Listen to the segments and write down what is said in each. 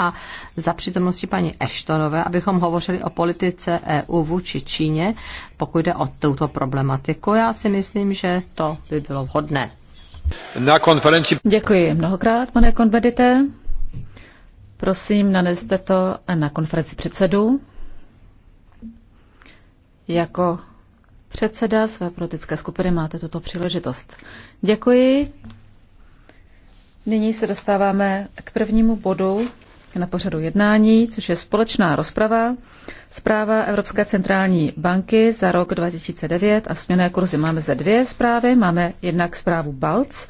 a za přítomnosti paní Eštonové, abychom hovořili o politice EU vůči Číně, pokud jde o tuto problematiku. Já si myslím, že to by bylo vhodné. Na konferenci... Děkuji mnohokrát, pane Konvedite. Prosím, naneste to na konferenci předsedů. Jako předseda své politické skupiny máte tuto příležitost. Děkuji. Nyní se dostáváme k prvnímu bodu na pořadu jednání, což je společná rozprava. Zpráva Evropské centrální banky za rok 2009 a směné kurzy. Máme zde dvě zprávy. Máme jednak zprávu BALC,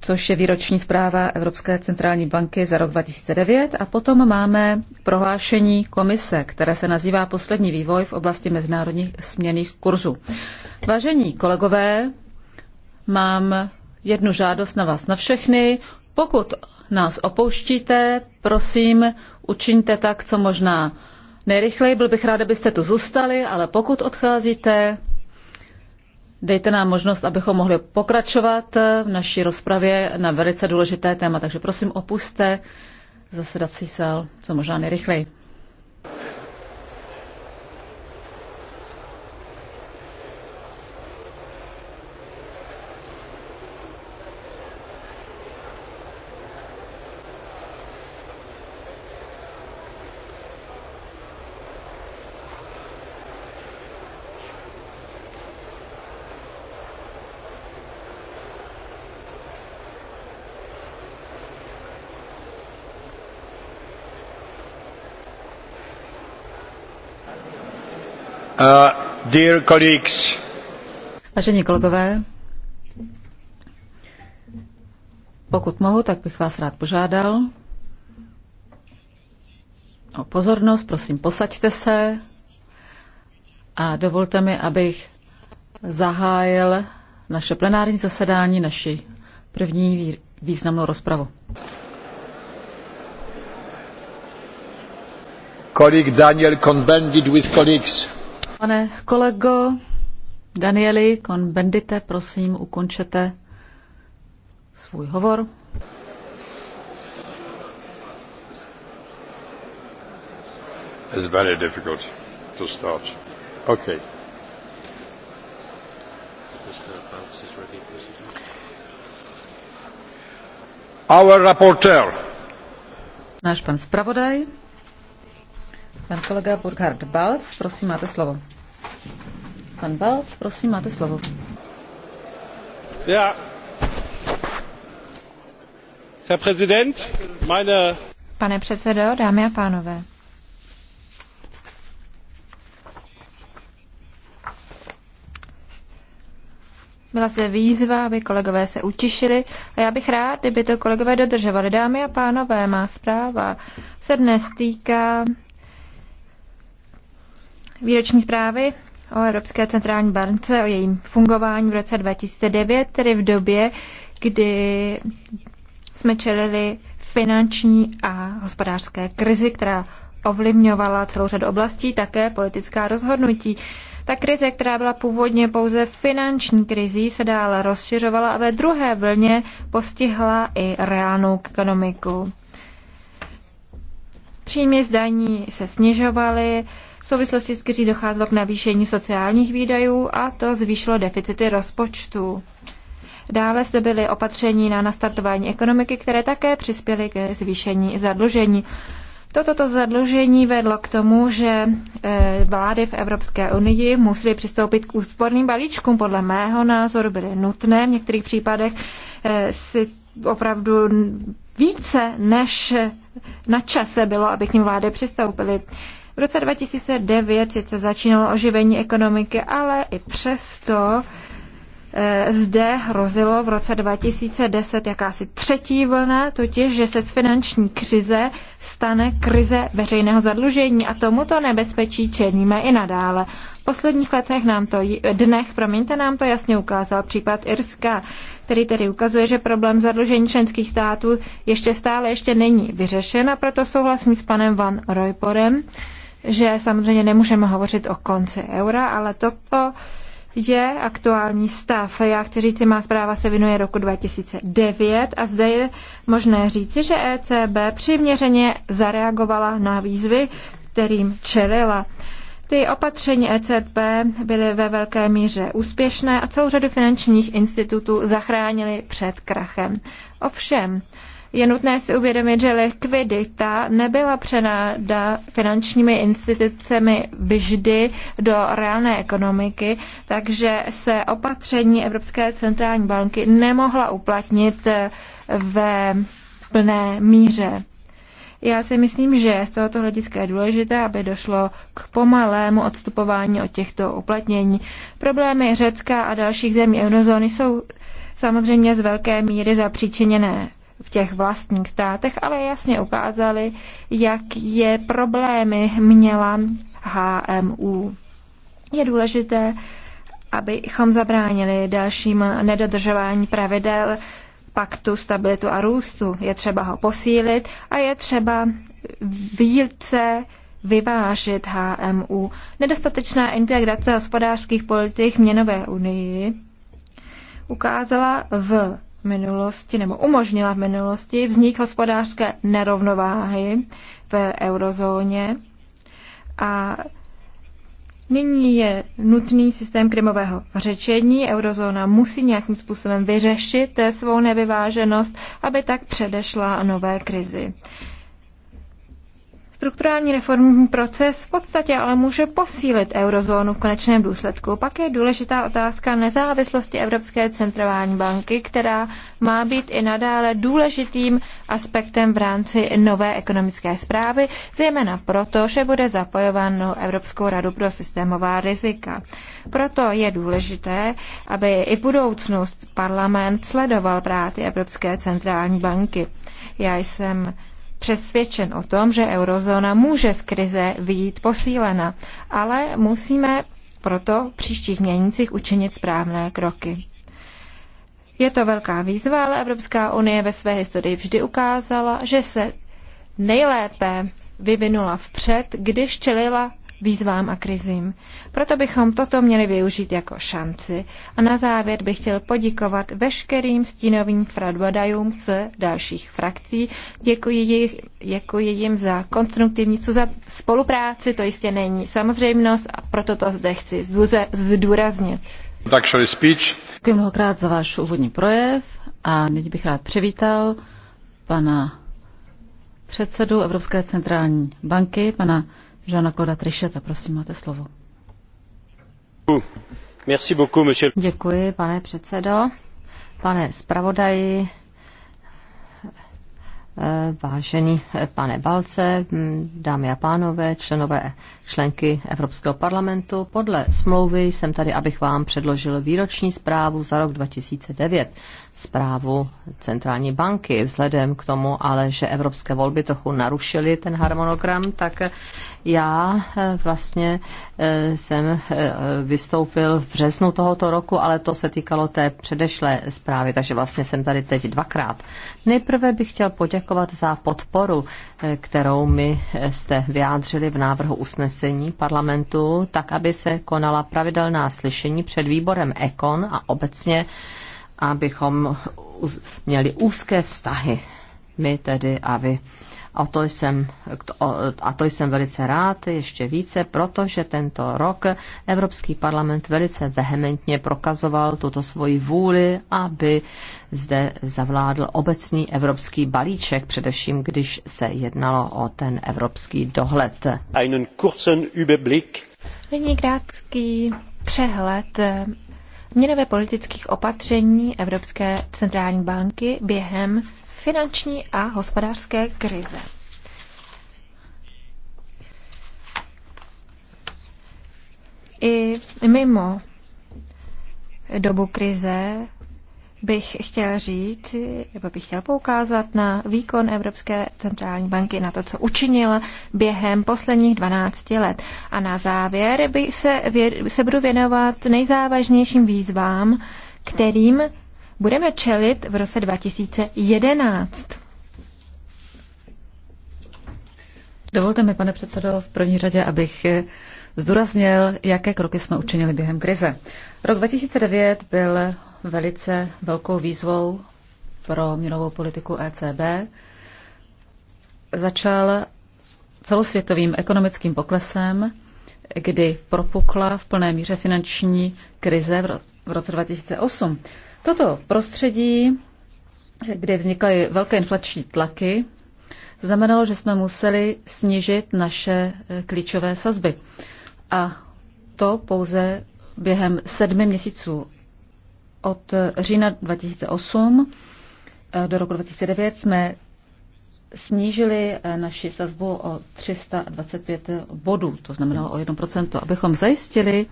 což je výroční zpráva Evropské centrální banky za rok 2009. A potom máme prohlášení komise, které se nazývá Poslední vývoj v oblasti mezinárodních směných kurzů. Vážení kolegové, mám jednu žádost na vás na všechny. Pokud nás opouštíte, prosím, učiňte tak, co možná nejrychleji. Byl bych rád, abyste tu zůstali, ale pokud odcházíte, dejte nám možnost, abychom mohli pokračovat v naší rozpravě na velice důležité téma. Takže prosím, opuste zasedací sál co možná nejrychleji. Uh, dear colleagues. Vážení kolegové, pokud mohu, tak bych vás rád požádal o pozornost. Prosím, posaďte se a dovolte mi, abych zahájil naše plenární zasedání, naši první významnou rozpravu. Kolik Daniel Convendit with colleagues. Pane kolego Danieli Kon Bendite, prosím, ukončete svůj hovor. It's very difficult to start. Okay. Our rapporteur. Náš pan zpravodaj. Pan kolega Burkhard Balc, prosím, máte slovo. Pan Balc, prosím, máte slovo. Ja. Herr Präsident, meine... Pane předsedo, dámy a pánové. Byla zde výzva, aby kolegové se utišili a já bych rád, kdyby to kolegové dodržovali. Dámy a pánové, má zpráva se dnes týká výroční zprávy o Evropské centrální bance, o jejím fungování v roce 2009, tedy v době, kdy jsme čelili finanční a hospodářské krizi, která ovlivňovala celou řadu oblastí, také politická rozhodnutí. Ta krize, která byla původně pouze finanční krizí, se dále rozšiřovala a ve druhé vlně postihla i reálnou ekonomiku. Příjmy zdaní se snižovaly, v souvislosti s kteří docházelo k navýšení sociálních výdajů a to zvýšilo deficity rozpočtu. Dále zde byly opatření na nastartování ekonomiky, které také přispěly ke zvýšení zadlužení. Toto to zadlužení vedlo k tomu, že eh, vlády v Evropské unii musely přistoupit k úsporným balíčkům. Podle mého názoru byly nutné v některých případech eh, si opravdu více než na čase bylo, aby k ním vlády přistoupily. V roce 2009 sice začínalo oživení ekonomiky, ale i přesto eh, zde hrozilo v roce 2010 jakási třetí vlna, totiž, že se z finanční krize stane krize veřejného zadlužení a tomuto nebezpečí čelíme i nadále. V posledních letech nám to, dnech, promiňte, nám to jasně ukázal případ Irska, který tedy ukazuje, že problém zadlužení členských států ještě stále ještě není vyřešen a proto souhlasím s panem Van Royporem, že samozřejmě nemůžeme hovořit o konci eura, ale toto je aktuální stav. Já chci říct, má zpráva se vinuje roku 2009 a zde je možné říci, že ECB přiměřeně zareagovala na výzvy, kterým čelila. Ty opatření ECB byly ve velké míře úspěšné a celou řadu finančních institutů zachránili před krachem. Ovšem, je nutné si uvědomit, že likvidita nebyla přenáda finančními institucemi vždy do reálné ekonomiky, takže se opatření Evropské centrální banky nemohla uplatnit eh, ve plné míře. Já si myslím, že z tohoto hlediska je důležité, aby došlo k pomalému odstupování od těchto uplatnění. Problémy Řecka a dalších zemí eurozóny jsou samozřejmě z velké míry zapříčiněné v těch vlastních státech, ale jasně ukázali, jak je problémy měla HMU. Je důležité, abychom zabránili dalším nedodržování pravidel paktu stabilitu a růstu. Je třeba ho posílit a je třeba více vyvážit HMU. Nedostatečná integrace hospodářských politik měnové unii ukázala v minulosti, nebo umožnila v minulosti vznik hospodářské nerovnováhy v eurozóně a Nyní je nutný systém krymového řečení. Eurozóna musí nějakým způsobem vyřešit svou nevyváženost, aby tak předešla nové krizi. Strukturální reformní proces v podstatě ale může posílit eurozónu v konečném důsledku. Pak je důležitá otázka nezávislosti Evropské centrální banky, která má být i nadále důležitým aspektem v rámci nové ekonomické zprávy, zejména proto, že bude zapojováno Evropskou radu pro systémová rizika. Proto je důležité, aby i budoucnost parlament sledoval práci Evropské centrální banky. Já jsem přesvědčen o tom, že eurozóna může z krize vyjít posílena, ale musíme proto v příštích měnících učinit správné kroky. Je to velká výzva, ale Evropská unie ve své historii vždy ukázala, že se nejlépe vyvinula vpřed, když čelila výzvám a krizím. Proto bychom toto měli využít jako šanci a na závěr bych chtěl poděkovat veškerým stínovým fradvadajům z dalších frakcí. Děkuji, jich, děkuji jim za konstruktivní za spolupráci, to jistě není samozřejmost a proto to zde chci zdůze, zdůraznit. Děkuji mnohokrát za váš úvodní projev a nyní bych rád přivítal pana předsedu Evropské centrální banky, pana Žána Kloda Trišeta, prosím, máte slovo. Děkuji, pane předsedo. Pane zpravodaji, vážený pane Balce, dámy a pánové, členové, členky Evropského parlamentu, podle smlouvy jsem tady, abych vám předložil výroční zprávu za rok 2009, zprávu centrální banky. Vzhledem k tomu ale, že evropské volby trochu narušily ten harmonogram, tak já eh, vlastně eh, jsem eh, vystoupil v březnu tohoto roku, ale to se týkalo té předešlé zprávy, takže vlastně jsem tady teď dvakrát. Nejprve bych chtěl poděkovat za podporu, kterou mi jste vyjádřili v návrhu usnesení parlamentu, tak aby se konala pravidelná slyšení před výborem EKON a obecně abychom měli úzké vztahy my tedy a vy O to jsem, a to jsem velice rád, ještě více, protože tento rok Evropský parlament velice vehementně prokazoval tuto svoji vůli, aby zde zavládl obecný evropský balíček, především když se jednalo o ten evropský dohled. Einen kurzen Überblick. Nyní krátký přehled eh, měnové politických opatření Evropské centrální banky během finanční a hospodářské krize. I mimo dobu krize bych chtěl říct, nebo bych chtěl poukázat na výkon Evropské centrální banky, na to, co učinila během posledních 12 let. A na závěr bych se, se budu věnovat nejzávažnějším výzvám, kterým budeme čelit v roce 2011. Dovolte mi, pane předsedo, v první řadě, abych zdůraznil, jaké kroky jsme učinili během krize. Rok 2009 byl velice velkou výzvou pro měnovou politiku ECB. Začal celosvětovým ekonomickým poklesem, kdy propukla v plné míře finanční krize v roce 2008. Toto prostředí, kde vznikaly velké inflační tlaky, znamenalo, že jsme museli snížit naše eh, klíčové sazby. A to pouze během sedmi měsíců. Od eh, října 2008 eh, do roku 2009 jsme snížili naši sazbu o 325 bodů, to znamenalo o 1%, abychom zajistili,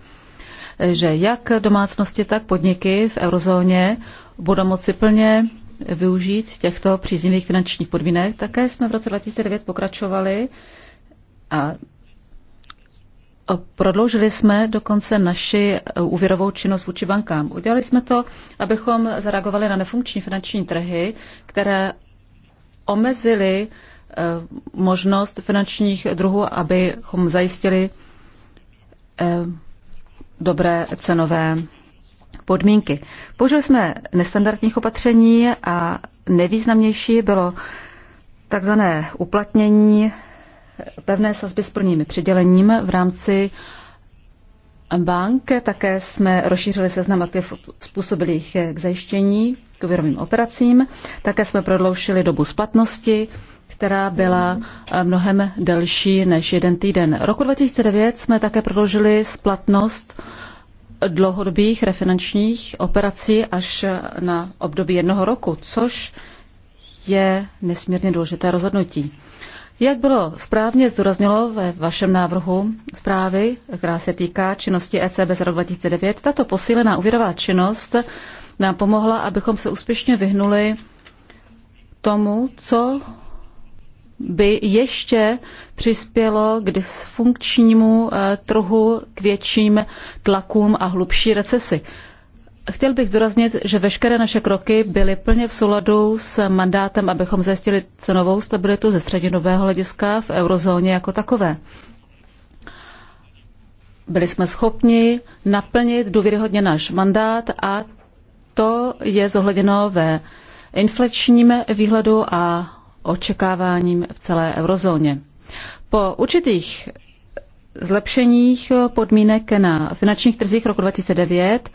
že jak domácnosti, tak podniky v eurozóně budou moci plně využít těchto příznivých finančních podmínek. Také jsme v roce 2009 pokračovali a Prodloužili jsme dokonce naši úvěrovou činnost vůči bankám. Udělali jsme to, abychom zareagovali na nefunkční finanční trhy, které omezily eh, možnost finančních druhů, abychom zajistili eh, dobré cenové podmínky. Použili jsme nestandardních opatření a nejvýznamnější bylo takzvané uplatnění pevné sazby s plnými přidělením v rámci bank. Také jsme rozšířili seznam aktiv způsobilých k zajištění k úvěrovým operacím. Také jsme prodloužili dobu splatnosti která byla eh, mnohem delší než jeden týden. Roku 2009 jsme také prodloužili splatnost dlouhodobých refinančních operací až na období jednoho roku, což je nesmírně důležité rozhodnutí. Jak bylo správně zdůraznilo ve vašem návrhu zprávy, která se týká činnosti ECB z roku 2009, tato posílená úvěrová činnost nám pomohla, abychom se úspěšně vyhnuli tomu, co by ještě přispělo k dysfunkčnímu eh, trhu, k větším tlakům a hlubší recesi. Chtěl bych zdůraznit, že veškeré naše kroky byly plně v souladu s mandátem, abychom zajistili cenovou stabilitu ze střednědobého hlediska v eurozóně jako takové. Byli jsme schopni naplnit důvěryhodně náš mandát a to je zohledněno ve inflačním výhledu a očekáváním v celé eurozóně. Po určitých zlepšeních podmínek na finančních trzích roku 2009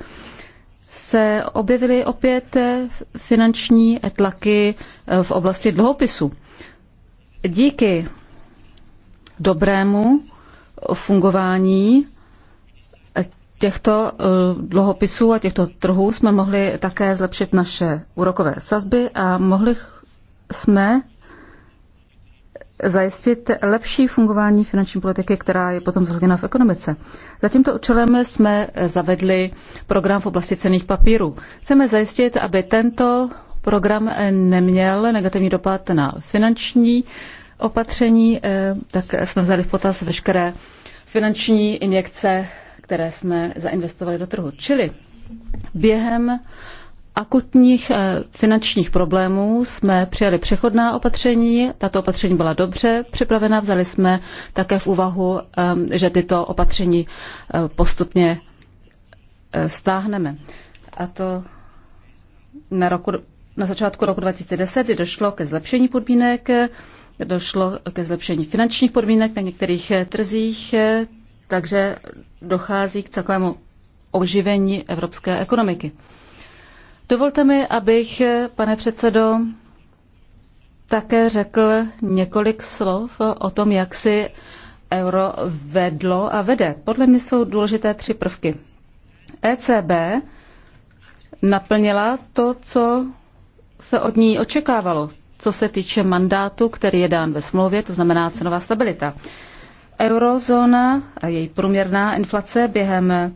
se objevily opět finanční tlaky v oblasti dluhopisu. Díky dobrému fungování těchto eh, dluhopisů a těchto trhů jsme mohli také zlepšit naše úrokové sazby a mohli jsme zajistit lepší fungování finanční politiky, která je potom zhledněna v ekonomice. Za tímto účelem jsme zavedli program v oblasti cených papírů. Chceme zajistit, aby tento program neměl negativní dopad na finanční opatření, eh, tak jsme vzali v potaz veškeré finanční injekce, které jsme zainvestovali do trhu. Čili během akutních eh, finančních problémů jsme přijali přechodná opatření. Tato opatření byla dobře připravena. Vzali jsme také v úvahu, eh, že tyto opatření eh, postupně stáhneme. A to na, roku, na začátku roku 2010 kdy došlo ke zlepšení podmínek, došlo ke zlepšení finančních podmínek na některých trzích, takže dochází k takovému oživení evropské ekonomiky. Dovolte mi, abych, pane předsedo, také řekl několik slov o tom, jak si euro vedlo a vede. Podle mě jsou důležité tři prvky. ECB naplnila to, co se od ní očekávalo, co se týče mandátu, který je dán ve smlouvě, to znamená cenová stabilita. Eurozóna a její průměrná inflace během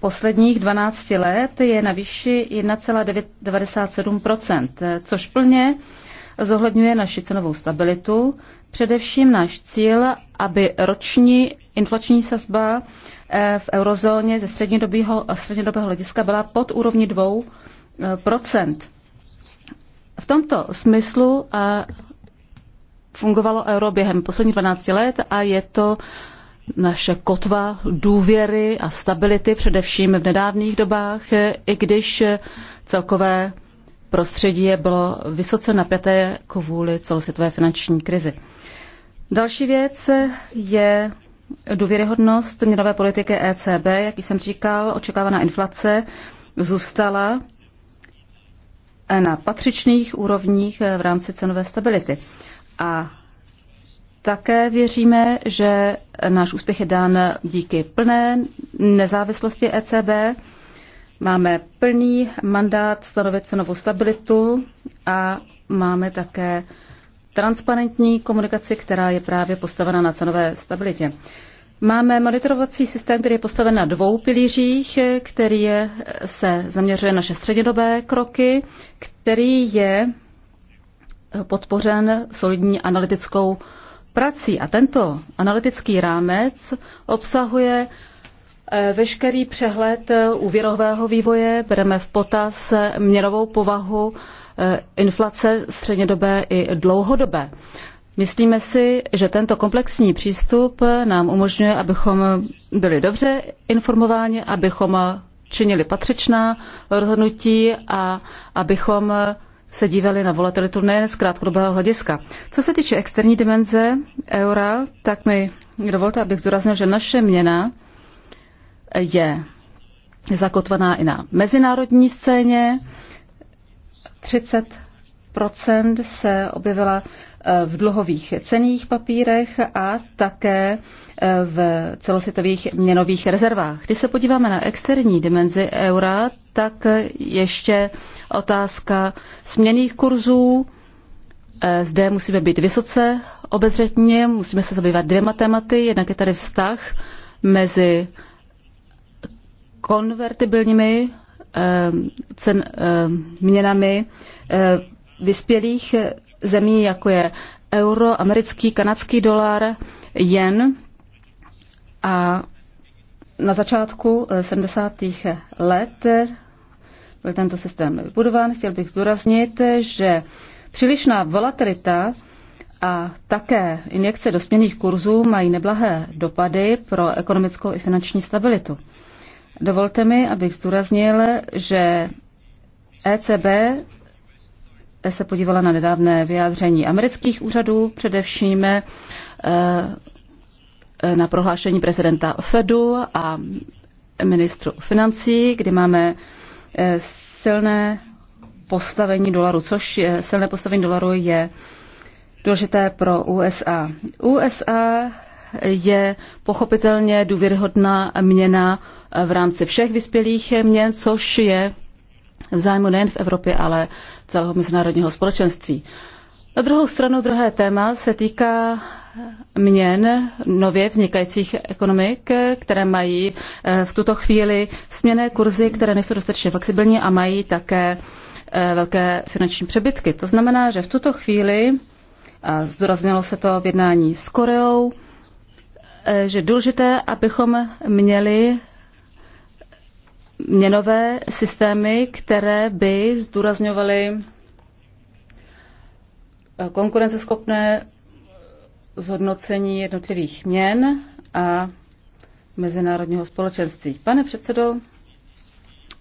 posledních 12 let je na výši 1,97%, což plně zohledňuje naši cenovou stabilitu, především náš cíl, aby roční inflační sazba eh, v eurozóně ze střednědobého, střednědobého hlediska byla pod úrovni 2%. Eh, v tomto smyslu eh, fungovalo euro během posledních 12 let a je to naše kotva důvěry a stability, především v nedávných dobách, i když celkové prostředí je bylo vysoce napjaté kvůli celosvětové finanční krizi. Další věc je důvěryhodnost měnové politiky ECB. Jak jsem říkal, očekávaná inflace zůstala na patřičných úrovních v rámci cenové stability. A také věříme, že náš úspěch je dán díky plné nezávislosti ECB. Máme plný mandát stanovit cenovou stabilitu a máme také transparentní komunikaci, která je právě postavena na cenové stabilitě. Máme monitorovací systém, který je postaven na dvou pilířích, který je, se zaměřuje naše střednědobé kroky, který je podpořen solidní analytickou prací. A tento analytický rámec obsahuje eh, veškerý přehled eh, úvěrového vývoje, bereme v potaz eh, měrovou povahu inflace střednědobé i dlouhodobé. Myslíme si, že tento komplexní přístup nám umožňuje, abychom byli dobře informováni, abychom činili patřičná rozhodnutí a abychom se dívali na volatilitu nejen z krátkodobého hlediska. Co se týče externí dimenze eura, tak mi dovolte, abych zdůraznil, že naše měna je zakotvená i na mezinárodní scéně. 30 se objevila v dluhových cených papírech a také eh, v celosvětových měnových rezervách. Když se podíváme na externí dimenzi eura, tak ještě otázka směných kurzů. Eh, zde musíme být vysoce obezřetně, musíme se zabývat dvěma tématy. Jednak je tady vztah mezi konvertibilními eh, cen, měnami vyspělých zemí, jako je euro, americký, kanadský dolar, jen a na začátku 70. Eh, let byl tento systém vybudován. Chtěl bych zdůraznit, že přílišná volatilita a také injekce do směných kurzů mají neblahé dopady pro ekonomickou i finanční stabilitu. Dovolte mi, abych zdůraznil, že ECB se podívala na nedávné vyjádření amerických úřadů, především eh, eh, na prohlášení prezidenta Fedu a ministru financí, kdy máme eh, silné postavení dolaru, což je, silné postavení dolaru je důležité pro USA. USA je pochopitelně důvěryhodná měna v rámci všech vyspělých měn, což je v zájmu nejen v Evropě, ale celého mezinárodního společenství. Na druhou stranu druhé téma se týká měn nově vznikajících ekonomik, které mají eh, v tuto chvíli směné kurzy, které nejsou dostatečně flexibilní a mají také eh, velké finanční přebytky. To znamená, že v tuto chvíli, a zdoraznilo se to v jednání s Koreou, eh, že důležité, abychom měli měnové systémy, které by zdůrazňovaly eh, konkurenceschopné zhodnocení jednotlivých měn a mezinárodního společenství. Pane předsedo,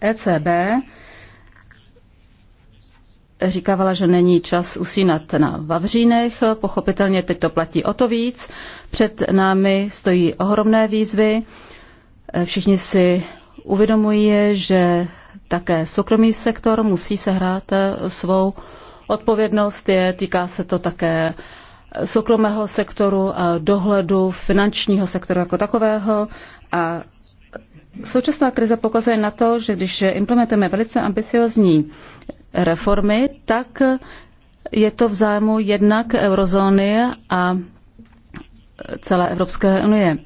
ECB říkávala, že není čas usínat na Vavřínech. Pochopitelně teď to platí o to víc. Před námi stojí ohromné výzvy. Eh, všichni si uvědomují, že také soukromý sektor musí sehrát eh, svou odpovědnost. Je, týká se to také soukromého sektoru a dohledu finančního sektoru jako takového a Současná krize pokazuje na to, že když implementujeme velice ambiciozní reformy, tak je to v zájmu jednak eurozóny a celé Evropské unie.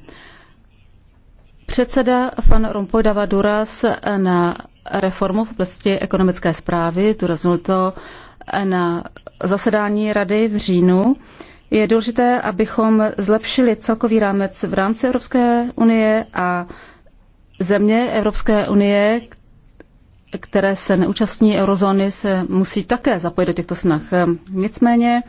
Předseda Van Rompuy dává důraz na reformu v oblasti ekonomické zprávy, důraznul to na zasedání rady v říjnu. Je důležité, abychom zlepšili celkový rámec v rámci Evropské unie a země Evropské unie, které se neúčastní eurozóny, se musí také zapojit do těchto snah. Nicméně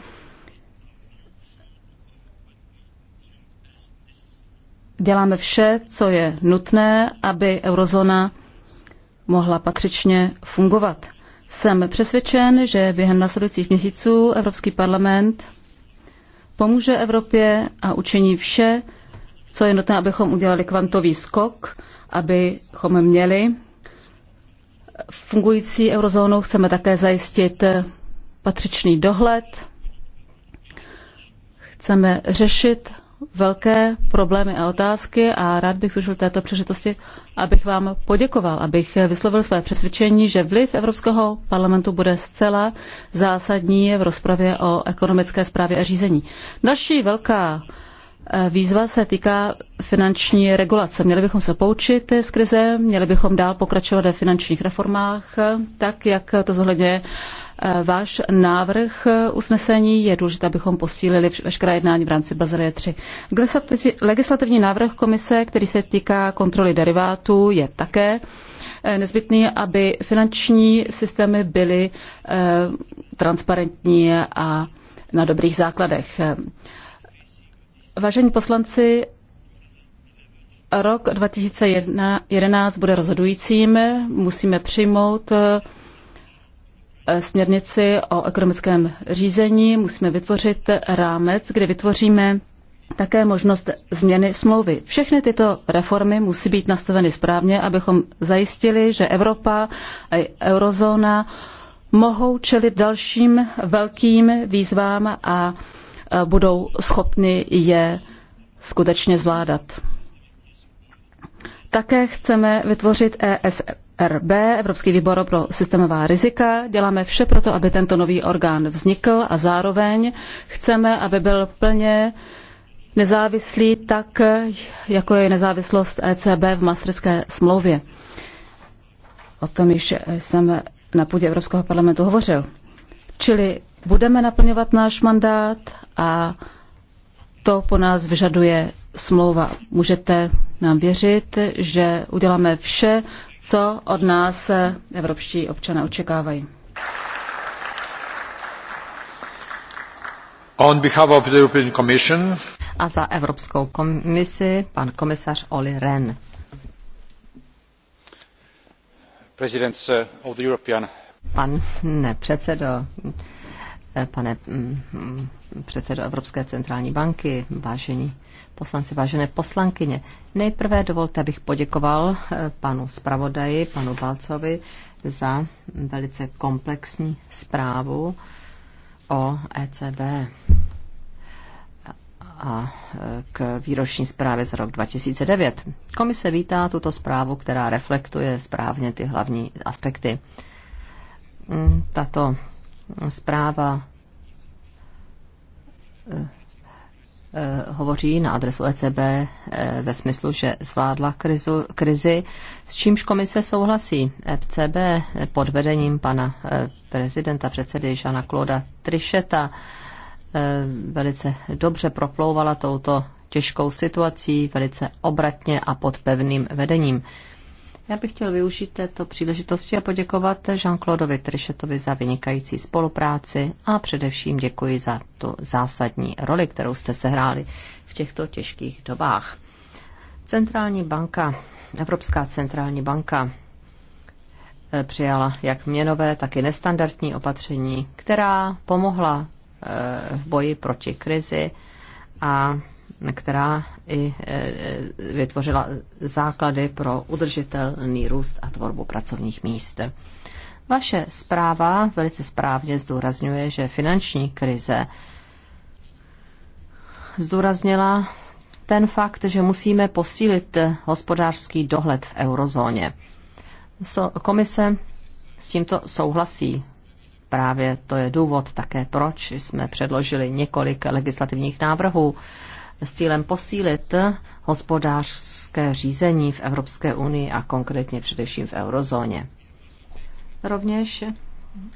děláme vše, co je nutné, aby eurozóna mohla patřičně fungovat. Jsem přesvědčen, že během následujících měsíců Evropský parlament pomůže Evropě a učiní vše, co je nutné, abychom udělali kvantový skok, abychom měli fungující eurozónu. Chceme také zajistit patřičný dohled. Chceme řešit velké problémy a otázky a rád bych využil této příležitosti, abych vám poděkoval, abych vyslovil své přesvědčení, že vliv Evropského parlamentu bude zcela zásadní v rozpravě o ekonomické zprávě a řízení. Další velká eh, Výzva se týká finanční regulace. Měli bychom se poučit z krize, měli bychom dál pokračovat ve finančních reformách, tak jak to zohledňuje Eh, váš návrh eh, usnesení. Je důležité, abychom posílili veškerá jednání v rámci Bazilie 3. Legislativní návrh komise, který se týká kontroly derivátů, je také eh, nezbytný, aby finanční systémy byly transparentní a na dobrých základech. Vážení poslanci, rok 2011 bude rozhodujícím. Musíme přijmout Eh, směrnici o ekonomickém řízení musíme vytvořit rámec, kde vytvoříme také možnost změny smlouvy. Všechny tyto reformy musí být nastaveny správně, abychom zajistili, že Evropa a eurozóna mohou čelit dalším velkým výzvám a eh, budou schopny je skutečně zvládat. Také chceme vytvořit ESF Rb Evropský výbor pro systémová rizika. Děláme vše pro to, aby tento nový orgán vznikl a zároveň chceme, aby byl plně nezávislý tak, jako je nezávislost ECB v Maastrichtské smlouvě. O tom již jsem na půdě Evropského parlamentu hovořil. Čili budeme naplňovat náš mandát a to po nás vyžaduje smlouva. Můžete nám věřit, že uděláme vše co od nás evropští občané očekávají. On behalf of the European Commission. A za Evropskou komisi pan komisař Oli Rehn. Presidents uh, of the European. Eh, pane předsedo, mm, pane mm, předsedo Evropské centrální banky, vážení poslanci, vážené poslankyně. Nejprve dovolte, abych poděkoval eh, panu zpravodaji, panu Balcovi, za velice komplexní zprávu o ECB a k výroční zprávě za rok 2009. Komise vítá tuto zprávu, která reflektuje správně ty hlavní aspekty. Mm, tato zpráva eh, Eh, hovoří na adresu ECB eh, ve smyslu, že zvládla krizu, krizi, s čímž komise souhlasí. ECB pod vedením pana eh, prezidenta, předsedy Žana Kloda Trišeta velice dobře proplouvala touto těžkou situací, velice obratně a pod pevným vedením. Já bych chtěl využít této příležitosti a poděkovat Jean-Claudeovi Trichetovi za vynikající spolupráci a především děkuji za tu zásadní roli, kterou jste sehráli v těchto těžkých dobách. Centrální banka, Evropská centrální banka eh, přijala jak měnové, tak i nestandardní opatření, která pomohla eh, v boji proti krizi a která i e, e, vytvořila základy pro udržitelný růst a tvorbu pracovních míst. Vaše zpráva velice správně zdůrazňuje, že finanční krize zdůraznila ten fakt, že musíme posílit hospodářský dohled v eurozóně. Komise s tímto souhlasí. Právě to je důvod také, proč jsme předložili několik legislativních návrhů s cílem posílit hospodářské řízení v Evropské unii a konkrétně především v eurozóně. Rovněž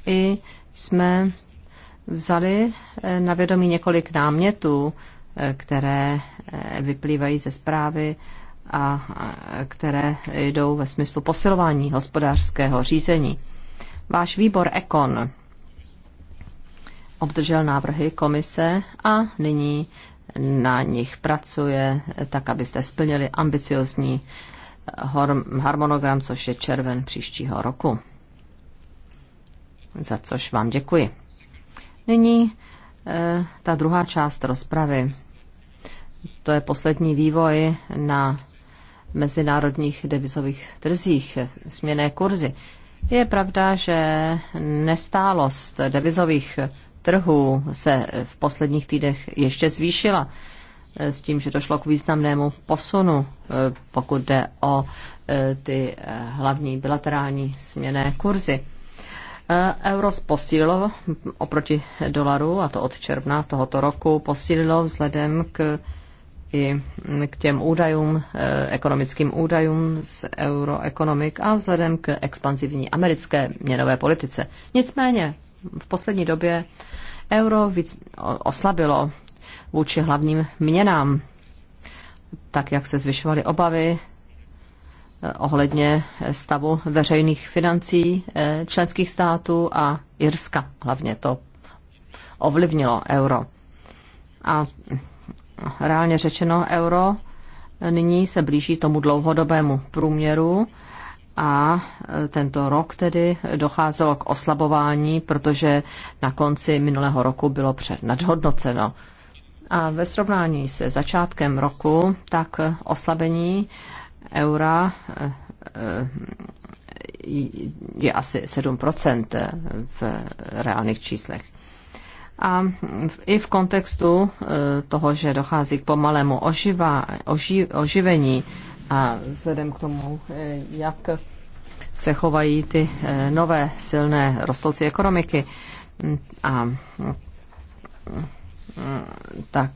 i jsme vzali eh, na vědomí několik námětů, eh, které eh, vyplývají ze zprávy a které jdou ve smyslu posilování hospodářského řízení. Váš výbor Ekon obdržel návrhy komise a nyní na nich pracuje, tak abyste splnili ambiciozní harmonogram, což je červen příštího roku. Za což vám děkuji. Nyní eh, ta druhá část rozpravy. To je poslední vývoj na mezinárodních devizových trzích, směné kurzy. Je pravda, že nestálost devizových trhu se v posledních týdnech ještě zvýšila eh, s tím, že došlo k významnému posunu, eh, pokud jde o eh, ty hlavní bilaterální směné kurzy. Euro posílilo oproti dolaru, a to od června tohoto roku, posílilo vzhledem k i k těm údajům, eh, ekonomickým údajům z euroekonomik a vzhledem k expanzivní americké měnové politice. Nicméně v poslední době euro oslabilo vůči hlavním měnám, tak jak se zvyšovaly obavy eh, ohledně stavu veřejných financí eh, členských států a Irska. Hlavně to ovlivnilo euro. A reálně řečeno euro nyní se blíží tomu dlouhodobému průměru a e, tento rok tedy docházelo k oslabování, protože na konci minulého roku bylo přednadhodnoceno. A ve srovnání se začátkem roku, tak oslabení eura e, e, je asi 7% v reálných číslech. A i v kontextu e, toho, že dochází k pomalému oživa, oži, oživení a vzhledem k tomu, e, jak se chovají ty e, nové silné rostoucí ekonomiky a tak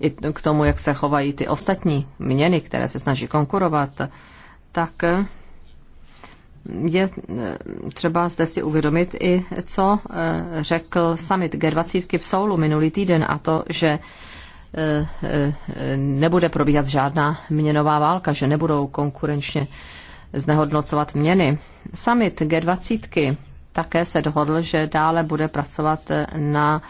i k tomu, jak se chovají ty ostatní měny, které se snaží konkurovat, tak je eh, třeba zde si uvědomit i, co eh, řekl summit G20 v Soulu minulý týden a to, že eh, nebude probíhat žádná měnová válka, že nebudou konkurenčně znehodnocovat měny. Summit G20 také se dohodl, že dále bude pracovat na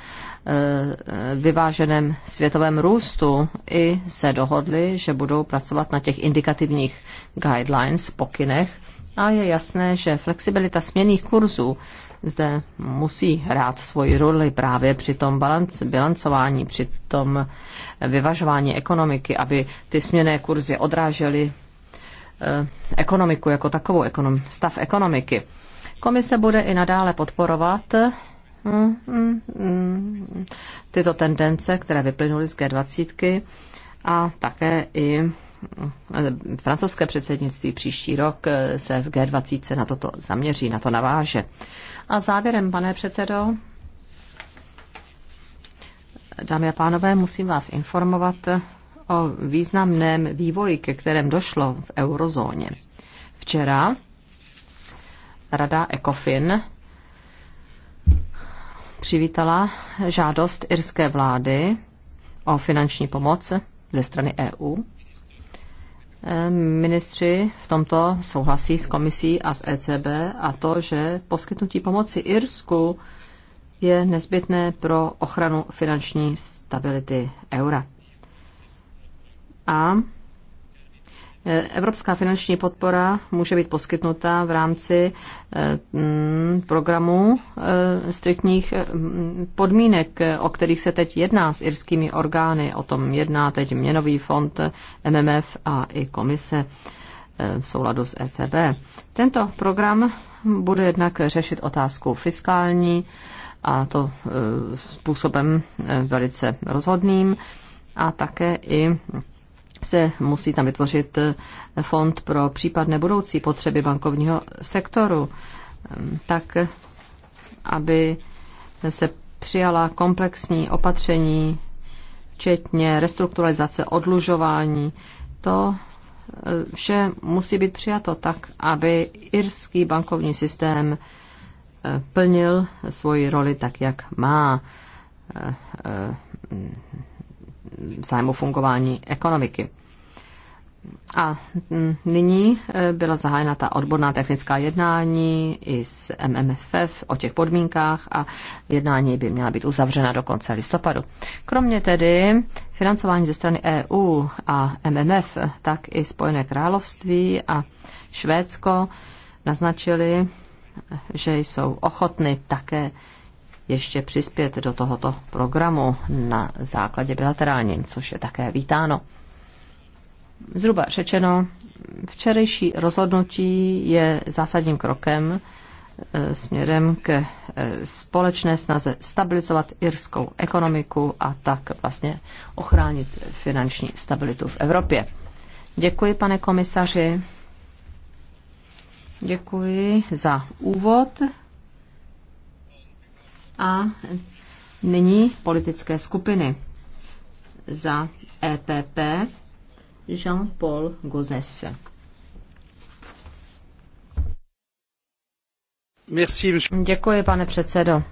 vyváženém světovém růstu i se dohodli, že budou pracovat na těch indikativních guidelines, pokynech, a je jasné, že flexibilita směných kurzů zde musí hrát svoji roli právě při tom balanc, bilancování, při tom vyvažování ekonomiky, aby ty směné kurzy odrážely eh, ekonomiku jako takovou, ekonom, stav ekonomiky. Komise bude i nadále podporovat mm, mm, mm, tyto tendence, které vyplynuly z G20 a také i francouzské předsednictví příští rok se v G20 na toto zaměří, na to naváže. A závěrem, pane předsedo, dámy a pánové, musím vás informovat o významném vývoji, ke kterém došlo v eurozóně. Včera Rada ECOFIN přivítala žádost irské vlády o finanční pomoc ze strany EU Ehm, ministři v tomto souhlasí s komisí a s ECB a to, že poskytnutí pomoci Irsku je nezbytné pro ochranu finanční stability eura. A Evropská finanční podpora může být poskytnuta v rámci eh, mm, programu eh, striktních mm, podmínek, o kterých se teď jedná s irskými orgány. O tom jedná teď Měnový fond, eh, MMF a i komise v souladu s ECB. Tento program bude jednak řešit otázku fiskální a to způsobem velice rozhodným a také i se musí tam vytvořit eh, fond pro případné budoucí potřeby bankovního sektoru, ehm, tak aby se přijala komplexní opatření, včetně restrukturalizace, odlužování. To eh, vše musí být přijato tak, aby irský bankovní systém eh, plnil svoji roli tak, jak má zájmu fungování ekonomiky. A nyní e, byla zahájena ta odborná technická jednání i s MMFF o těch podmínkách a jednání by měla být uzavřena do konce listopadu. Kromě tedy financování ze strany EU a MMF, tak i Spojené království a Švédsko naznačili, že jsou ochotny také ještě přispět do tohoto programu na základě bilaterálním, což je také vítáno. Zhruba řečeno, včerejší rozhodnutí je zásadním krokem e, směrem k e, společné snaze stabilizovat irskou ekonomiku a tak vlastně ochránit finanční stabilitu v Evropě. Děkuji, pane komisaři. Děkuji za úvod. A nyní politické skupiny. Za EPP Jean-Paul Gauzès. Děkuji, pane předsedo.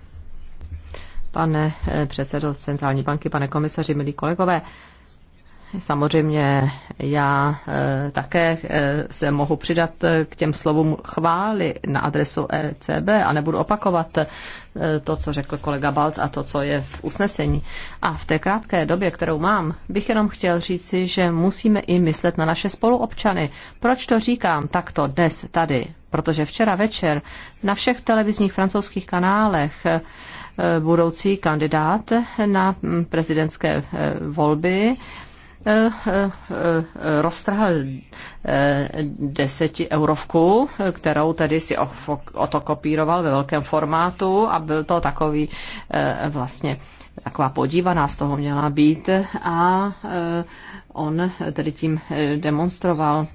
Pane eh, předsedo Centrální banky, pane komisaři, milí kolegové, Samozřejmě já eh, také eh, se mohu přidat eh, k těm slovům chvály na adresu ECB a nebudu opakovat to, co řekl kolega Balc a to, co je v usnesení. A v té krátké době, kterou mám, bych jenom chtěl říci, že musíme i myslet na naše spoluobčany. Proč to říkám takto dnes tady? Protože včera večer na všech televizních francouzských kanálech budoucí kandidát na mm, prezidentské volby Eh, eh, eh, roztrhal deseti eurovku, kterou tedy si otokopíroval ve velkém formátu a byl to takový vlastně taková podívaná z toho měla být a on tedy tím demonstroval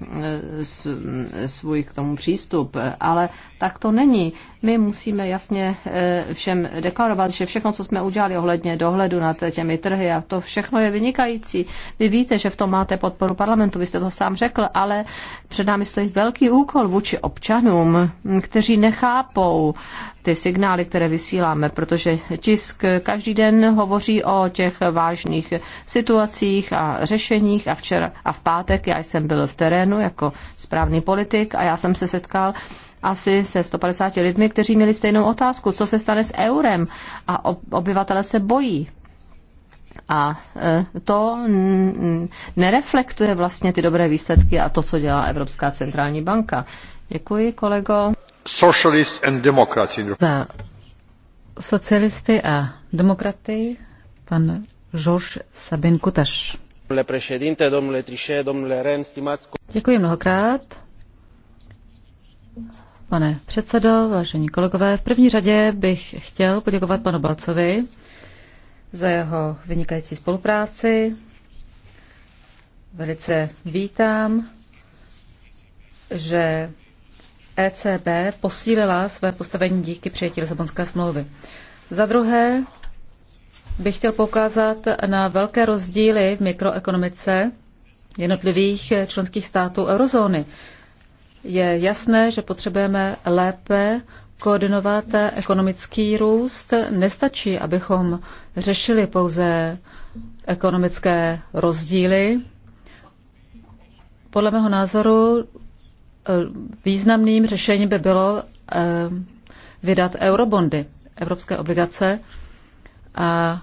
svůj k tomu přístup, ale tak to není. My musíme jasně eh, všem deklarovat, že všechno, co jsme udělali ohledně dohledu nad těmi trhy a to všechno je vynikající. Vy víte, že v tom máte podporu parlamentu, vy jste to sám řekl, ale před námi stojí velký úkol vůči občanům, kteří nechápou ty signály, které vysíláme, protože tisk každý den hovoří o těch vážných situacích a řešeních a včera a v pátek já jsem byl v terénu jako správný politik a já jsem se setkal asi se 150 lidmi, kteří měli stejnou otázku, co se stane s eurem a obyvatele se bojí. A e, to nereflektuje vlastně ty dobré výsledky a to, co dělá Evropská centrální banka. Děkuji, kolego. Socialist and democracy. Za socialisty a demokraty pan George Sabin Kutaš. Děkuji mnohokrát pane předsedo, vážení kolegové. V první řadě bych chtěl poděkovat panu Balcovi za jeho vynikající spolupráci. Velice vítám, že ECB posílila své postavení díky přijetí Lisabonské smlouvy. Za druhé bych chtěl poukázat na velké rozdíly v mikroekonomice jednotlivých členských států eurozóny. Je jasné, že potřebujeme lépe koordinovat ekonomický růst. Nestačí, abychom řešili pouze ekonomické rozdíly. Podle mého názoru eh, významným řešením by bylo eh, vydat eurobondy, evropské obligace. A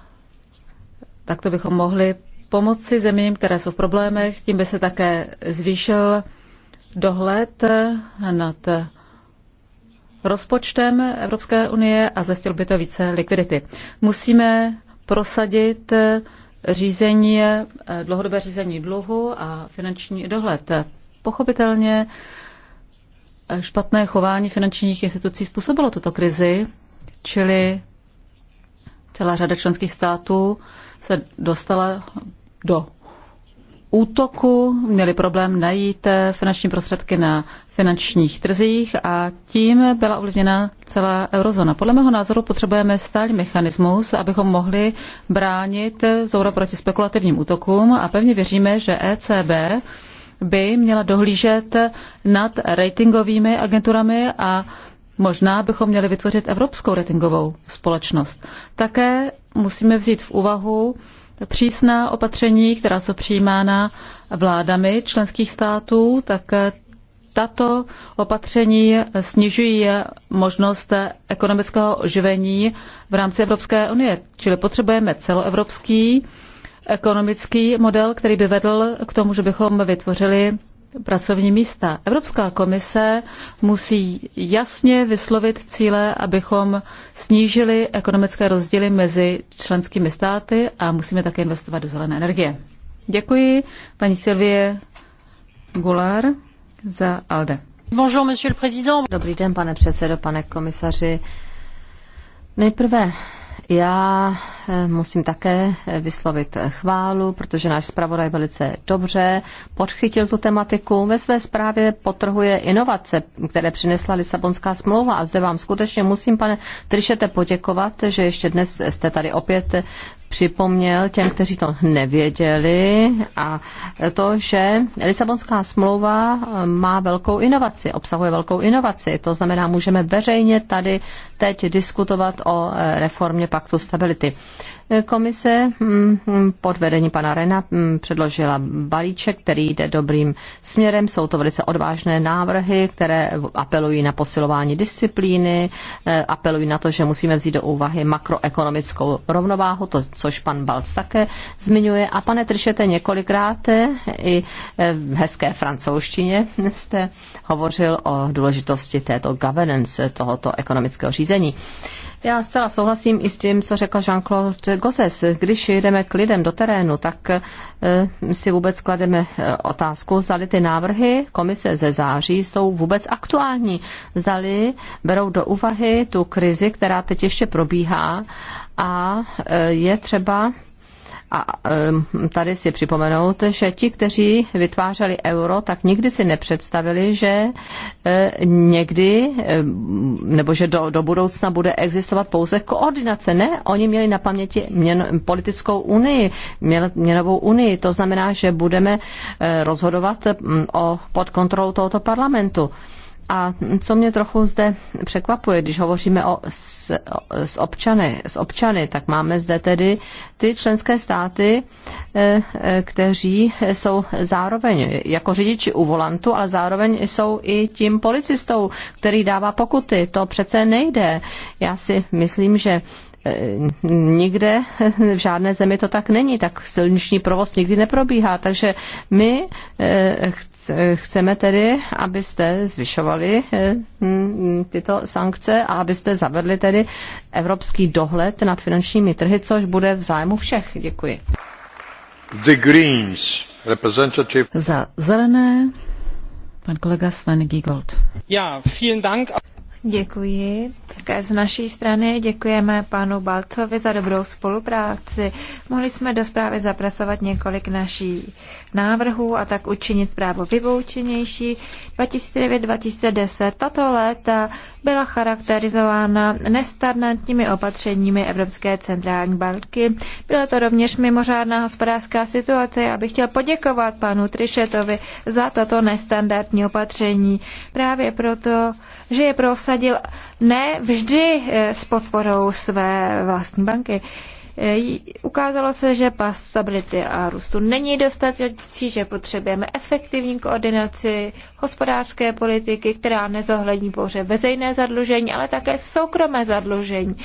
takto bychom mohli pomoci zemím, které jsou v problémech. Tím by se také zvýšil dohled nad rozpočtem Evropské unie a zjistil by to více likvidity. Musíme prosadit řízení, dlouhodobé řízení dluhu a finanční dohled. Pochopitelně špatné chování finančních institucí způsobilo tuto krizi, čili celá řada členských států se dostala do útoku, měli problém najít eh, finanční prostředky na finančních trzích a tím byla ovlivněna celá eurozóna. Podle mého názoru potřebujeme stálý mechanismus, abychom mohli bránit eh, zoura proti spekulativním útokům a pevně věříme, že ECB by měla dohlížet nad ratingovými agenturami a Možná bychom měli vytvořit evropskou ratingovou společnost. Také musíme vzít v úvahu přísná opatření, která jsou přijímána vládami členských států, tak tato opatření snižují možnost ekonomického oživení v rámci Evropské unie. Čili potřebujeme celoevropský ekonomický model, který by vedl k tomu, že bychom vytvořili pracovní místa. Evropská komise musí jasně vyslovit cíle, abychom snížili ekonomické rozdíly mezi členskými státy a musíme také investovat do zelené energie. Děkuji paní Silvie Gular za ALDE. Bonjour, monsieur le président. Dobrý den, pane předsedo, pane komisaři. Nejprve já eh, musím také eh, vyslovit eh, chválu, protože náš zpravodaj velice dobře podchytil tu tematiku. Ve své zprávě potrhuje inovace, které přinesla Lisabonská smlouva a zde vám skutečně musím, pane Tršete, poděkovat, že ještě dnes jste tady opět připomněl těm, kteří to nevěděli, a to, že Lisabonská smlouva eh, má velkou inovaci, obsahuje velkou inovaci. To znamená, můžeme veřejně tady teď diskutovat o eh, reformě paktu stability. Komise hm, pod vedením pana Rena hm, předložila balíček, který jde dobrým směrem. Jsou to velice odvážné návrhy, které apelují na posilování disciplíny, eh, apelují na to, že musíme vzít do úvahy makroekonomickou rovnováhu, to, což pan Balc také zmiňuje. A pane Tršete, několikrát eh, i eh, v hezké francouzštině jste hovořil o důležitosti této governance, tohoto ekonomického řízení. Já zcela souhlasím i s tím, co řekl Jean-Claude Gosses. Když jdeme k lidem do terénu, tak eh, si vůbec klademe eh, otázku, zdali ty návrhy komise ze září jsou vůbec aktuální. Zdali berou do úvahy tu krizi, která teď ještě probíhá a eh, je třeba a tady si připomenout, že ti, kteří vytvářeli euro, tak nikdy si nepředstavili, že e, někdy e, nebo že do, do budoucna bude existovat pouze koordinace. Ne, oni měli na paměti měn, politickou unii, měn, měnovou unii. To znamená, že budeme e, rozhodovat o, pod kontrolou tohoto parlamentu. A co mě trochu zde překvapuje, když hovoříme o, s, s, občany, s občany, tak máme zde tedy ty členské státy, eh, eh, kteří jsou zároveň jako řidiči u volantu, ale zároveň jsou i tím policistou, který dává pokuty. To přece nejde. Já si myslím, že eh, nikde v žádné zemi to tak není, tak silniční provoz nikdy neprobíhá, takže my Chceme tedy, abyste zvyšovali eh, mm, mm, tyto sankce a abyste zavedli tedy evropský dohled nad finančními trhy, což bude v zájmu všech. Děkuji. The Greens, representative. Za zelené pan kolega Sven Giegold. Ja, vielen Dank. Děkuji. Také z naší strany děkujeme panu Balcovi za dobrou spolupráci. Mohli jsme do zprávy zapracovat několik naší návrhů a tak učinit zprávu vyvoučenější. 2009-2010 tato léta byla charakterizována nestandardními opatřeními Evropské centrální banky. Byla to rovněž mimořádná hospodářská situace. Já bych chtěl poděkovat panu Trišetovi za toto nestandardní opatření. Právě proto že je prosadil ne vždy eh, s podporou své vlastní banky. Eh, ukázalo se, že pas stability a růstu není dostatečný, že potřebujeme efektivní koordinaci hospodářské politiky, která nezohlední pouze veřejné zadlužení, ale také soukromé zadlužení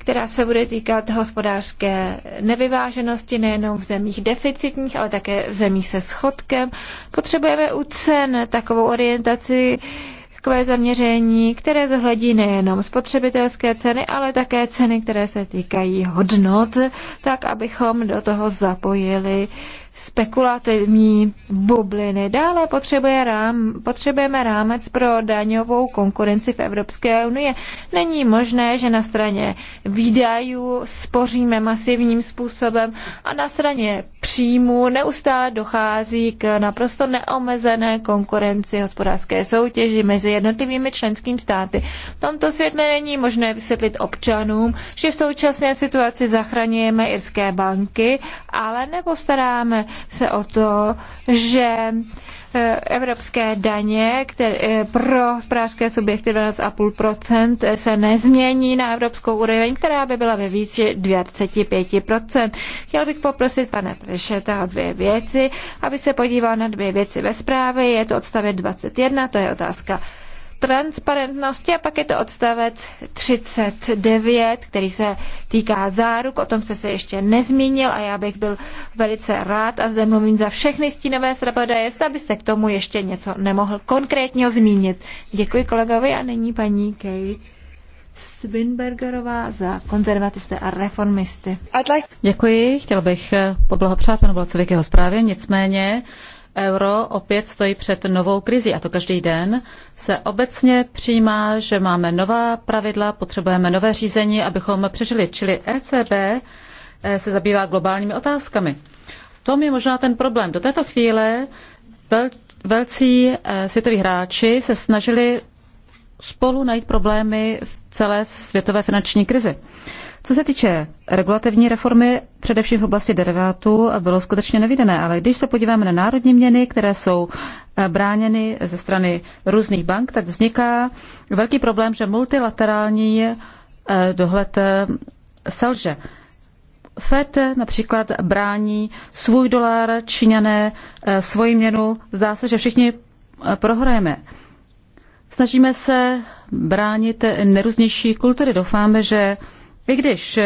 která se bude týkat hospodářské nevyváženosti nejenom v zemích deficitních, ale také v zemích se schodkem. Potřebujeme u cen takovou orientaci, takové zaměření, které zohledí nejenom spotřebitelské ceny, ale také ceny, které se týkají hodnot, tak abychom do toho zapojili spekulativní bubliny. Dále potřebuje rám, potřebujeme rámec pro daňovou konkurenci v Evropské unii. Není možné, že na straně výdajů spoříme masivním způsobem a na straně příjmů neustále dochází k naprosto neomezené konkurenci hospodářské soutěži mezi jednotlivými členskými státy. V tomto světle není možné vysvětlit občanům, že v současné situaci zachraňujeme irské banky, ale nepostaráme se o to, že e, evropské daně které e, pro hospodářské subjekty 12,5% e, se nezmění na evropskou úroveň, která by byla ve výši 25%. Chtěl bych poprosit pana Prešeta o dvě věci, aby se podíval na dvě věci ve zprávě. Je to odstavec 21, to je otázka transparentnosti a pak je to odstavec 39, který se týká záruk, o tom jste se ještě nezmínil a já bych byl velice rád a zde mluvím za všechny stínové zpravodaje, jestli byste k tomu ještě něco nemohl konkrétního zmínit. Děkuji kolegovi a nyní paní Kay. Svinbergerová za konzervatisty a reformisty. Děkuji, chtěl bych poblahopřát panu Vlacovi k jeho zprávě, nicméně euro opět stojí před novou krizi, a to každý den, se obecně přijímá, že máme nová pravidla, potřebujeme nové řízení, abychom přežili. Čili ECB eh, se zabývá globálními otázkami. To je možná ten problém. Do této chvíle vel, velcí eh, světoví hráči se snažili spolu najít problémy v celé světové finanční krizi. Co se týče regulativní reformy, především v oblasti derivátů, bylo skutečně nevidené, ale když se podíváme na národní měny, které jsou eh, bráněny ze strany různých bank, tak vzniká velký problém, že multilaterální eh, dohled eh, selže. Fed například brání svůj dolar, Číňané svoji měnu. Zdá se, že všichni prohrajeme. Snažíme se bránit nerůznější kultury. Doufáme, že i když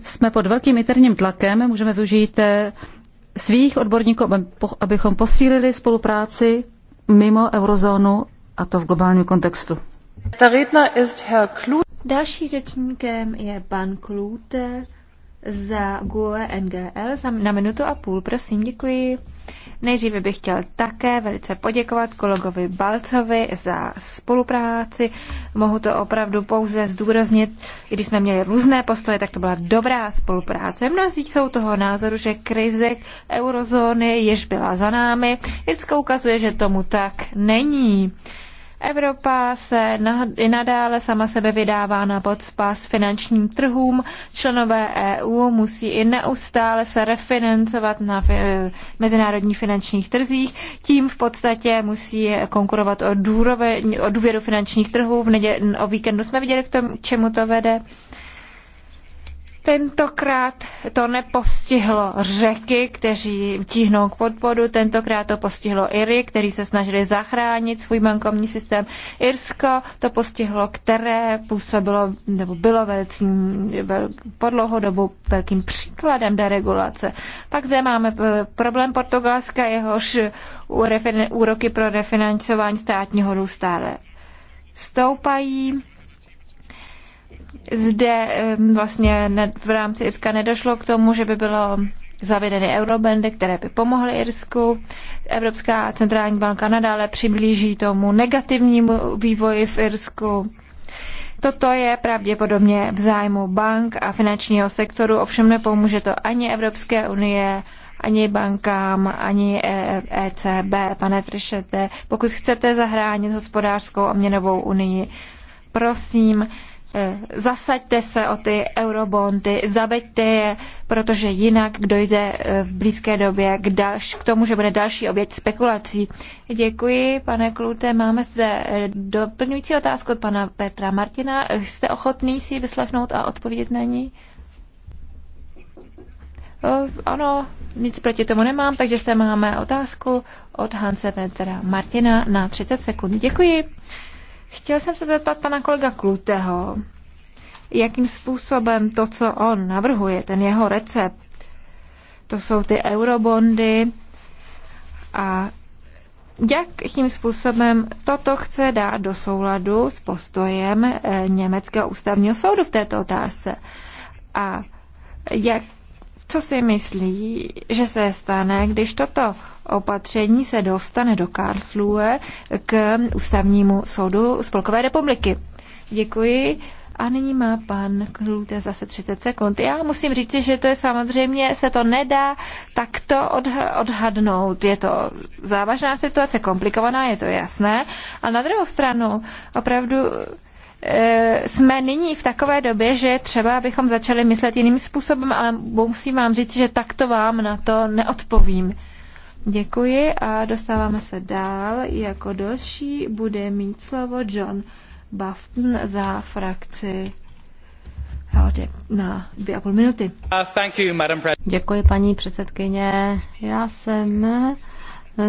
jsme pod velkým interním tlakem, můžeme využít eh, svých odborníků, abychom posílili spolupráci mimo eurozónu a to v globálním kontextu. Další řečníkem je pan Klute za GUE NGL na minutu a půl. Prosím, děkuji. Nejdříve bych chtěl také velice poděkovat kolegovi Balcovi za spolupráci. Mohu to opravdu pouze zdůraznit, i když jsme měli různé postoje, tak to byla dobrá spolupráce. Mnozí jsou toho názoru, že krize eurozóny, jež byla za námi, vždycky ukazuje, že tomu tak není. Evropa se i nadále sama sebe vydává na podspas finančním trhům. Členové EU musí i neustále se refinancovat na eh, mezinárodních finančních trzích. Tím v podstatě musí konkurovat o, o důvěru finančních trhů. V neděli, o víkendu jsme viděli, k tomu, čemu to vede. Tentokrát to nepostihlo řeky, kteří tíhnou k podvodu, tentokrát to postihlo Iry, který se snažili zachránit svůj bankovní systém. Irsko to postihlo, které působilo nebo bylo velcí, vel, po dlouhou dobu velkým příkladem deregulace. Pak zde máme e, problém Portugalska, jehož úroky pro refinancování státního dluhu stále stoupají zde vlastně v rámci Irska nedošlo k tomu, že by bylo zavedeny eurobendy, které by pomohly Irsku. Evropská centrální banka nadále přiblíží tomu negativnímu vývoji v Irsku. Toto je pravděpodobně v zájmu bank a finančního sektoru, ovšem nepomůže to ani Evropské unie, ani bankám, ani ECB. E Pane Tršete. pokud chcete zahránit hospodářskou a měnovou unii, prosím, Eh, zasaďte se o ty eurobondy, zaveďte je, protože jinak dojde eh, v blízké době k, dalš, k tomu, že bude další oběť spekulací. Děkuji, pane Klute. Máme zde eh, doplňující otázku od pana Petra Martina. Jste ochotný si ji vyslechnout a odpovědět na ní? Ano, nic proti tomu nemám, takže se máme otázku od Hanse Petra Martina na 30 sekund. Děkuji. Chtěl jsem se zeptat pana kolega Kluteho, jakým způsobem to, co on navrhuje, ten jeho recept, to jsou ty eurobondy a jakým způsobem toto chce dát do souladu s postojem eh, Německého ústavního soudu v této otázce a jak co si myslí, že se stane, když toto opatření se dostane do Karlsruhe k ústavnímu soudu Spolkové republiky? Děkuji. A nyní má pan Klute zase 30 sekund. Já musím říct, že to je samozřejmě, se to nedá takto odh- odhadnout. Je to závažná situace, komplikovaná, je to jasné. A na druhou stranu, opravdu Eh, jsme nyní v takové době, že třeba bychom začali myslet jiným způsobem, ale musím vám říct, že takto vám na to neodpovím. Děkuji a dostáváme se dál. Jako další bude mít slovo John Bafton za frakci Haldě na dvě a půl minuty. Uh, Děkuji, paní předsedkyně. Já jsem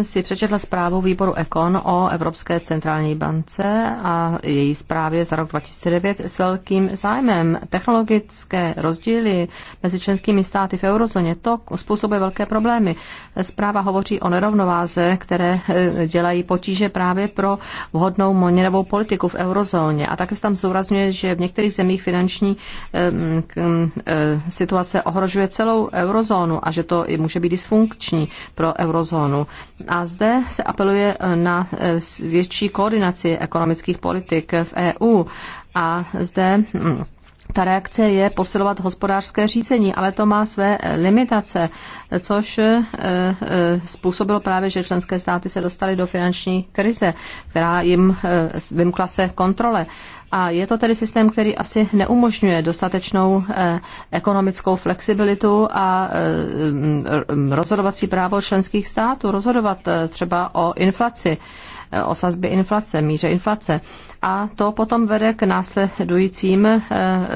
si přečetla zprávu výboru Econ o Evropské centrální bance a její zprávě za rok 2009 s velkým zájmem. Technologické rozdíly mezi členskými státy v eurozóně to způsobuje velké problémy. Zpráva hovoří o nerovnováze, které eh, dělají potíže právě pro vhodnou měnovou politiku v eurozóně. A také se tam zúrazňuje, že v některých zemích finanční ehm, ehm, eh, situace ohrožuje celou eurozónu a že to může být dysfunkční pro eurozónu. A zde se apeluje eh, na eh, větší koordinaci ekonomických politik v EU. A zde hm, ta reakce je posilovat hospodářské řízení, ale to má své eh, limitace, což způsobilo právě, že členské státy se dostaly do finanční krize, která jim vymkla se kontrole. A je to tedy systém, který asi neumožňuje dostatečnou eh, ekonomickou flexibilitu a eh, rozhodovací právo členských států rozhodovat eh, třeba o inflaci o sazbě inflace, míře inflace. A to potom vede k následujícím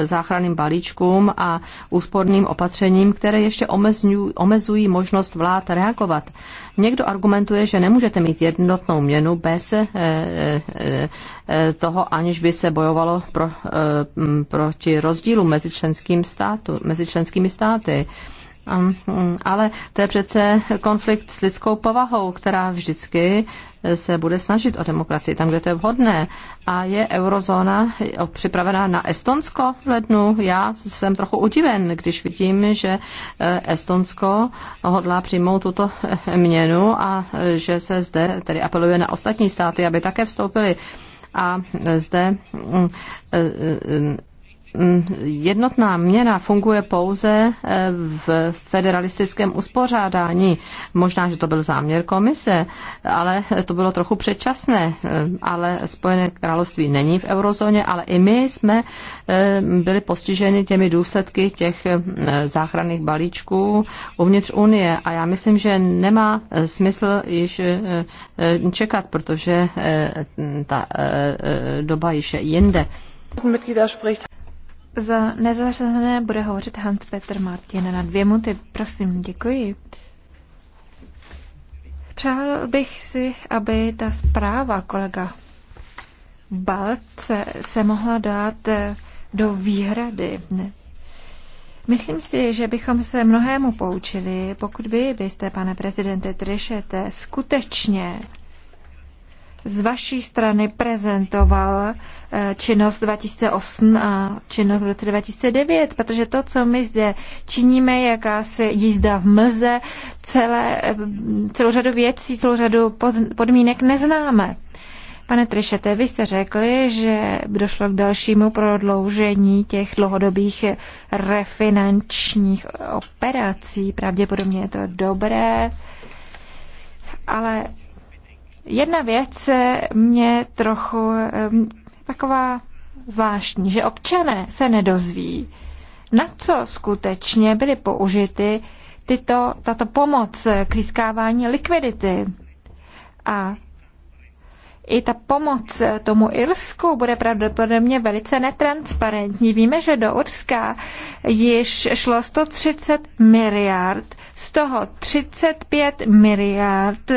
záchranným balíčkům a úsporným opatřením, které ještě omezují, omezují možnost vlád reagovat. Někdo argumentuje, že nemůžete mít jednotnou měnu bez toho, aniž by se bojovalo pro, eh, proti rozdílu mezi, členským státu, mezi členskými státy. Mm, ale to je přece konflikt s lidskou povahou, která vždycky eh, se bude snažit o demokracii tam, kde to je vhodné. A je eurozóna připravená na Estonsko v lednu? Já jsem trochu udiven, když vidím, že eh, Estonsko hodlá přijmout tuto měnu a že se zde tedy apeluje na ostatní státy, aby také vstoupili a zde mm, mm, Mm, jednotná měna funguje pouze eh, v federalistickém uspořádání. Možná, že to byl záměr komise, ale to bylo trochu předčasné. Eh, ale Spojené království není v eurozóně, ale i my jsme eh, byli postiženi těmi důsledky těch záchranných balíčků uvnitř Unie. A já myslím, že nemá smysl již čekat, protože ta doba již je jinde. Za nezařazené bude hovořit Hans Peter Martin na dvě minuty. Prosím, děkuji. Přál bych si, aby ta zpráva kolega Balce se mohla dát eh, do výhrady. Myslím si, že bychom se mnohému poučili, pokud by byste, pane prezidente Trišete, skutečně z vaší strany prezentoval eh, činnost 2008 a činnost v roce 2009, protože to, co my zde činíme, je jakási jízda v mlze, celé, eh, celou řadu věcí, celou řadu podmínek neznáme. Pane Trišete, vy jste řekli, že došlo k dalšímu prodloužení těch dlouhodobých refinančních operací. Pravděpodobně je to dobré, ale Jedna věc mě trochu taková zvláštní, že občané se nedozví, na co skutečně byly použity tyto, tato pomoc k získávání likvidity. A i ta pomoc tomu Irsku bude pravděpodobně velice netransparentní. Víme, že do Irska již šlo 130 miliard z toho 35 miliard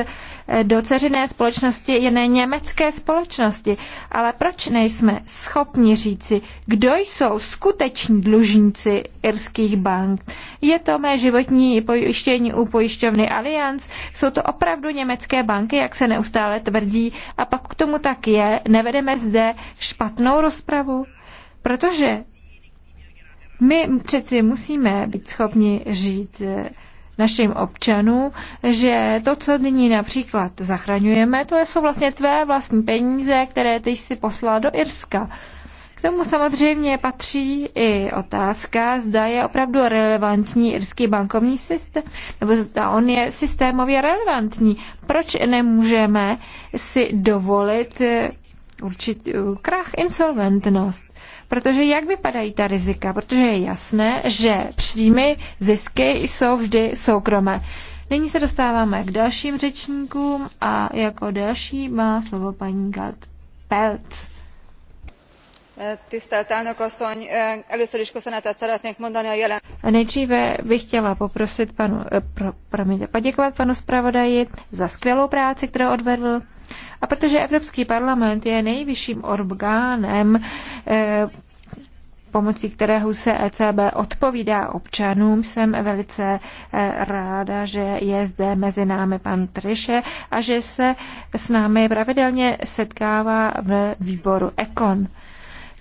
do ceřiné společnosti jené německé společnosti. Ale proč nejsme schopni říci, kdo jsou skuteční dlužníci irských bank? Je to mé životní pojištění u pojišťovny Allianz? Jsou to opravdu německé banky, jak se neustále tvrdí? A pak k tomu tak je, nevedeme zde špatnou rozpravu? Protože my přeci musíme být schopni říct, našim občanům, že to, co nyní například zachraňujeme, to jsou vlastně tvé vlastní peníze, které ty jsi poslal do Irska. K tomu samozřejmě patří i otázka, zda je opravdu relevantní irský bankovní systém, nebo zda on je systémově relevantní. Proč nemůžeme si dovolit určitý eh, krach, insolventnost? Protože jak vypadají ta rizika? Protože je jasné, že příjmy, zisky jsou vždy soukromé. Nyní se dostáváme k dalším řečníkům a jako další má slovo paní Galt Pelt. Nejdříve bych chtěla poprosit panu, eh, pro, promiňte, poděkovat panu zpravodaji za skvělou práci, kterou odvedl a protože Evropský parlament je nejvyšším orgánem, eh, pomocí kterého se ECB odpovídá občanům. Jsem velice eh, ráda, že je zde mezi námi pan Triše a že se s námi pravidelně setkává v výboru Ekon.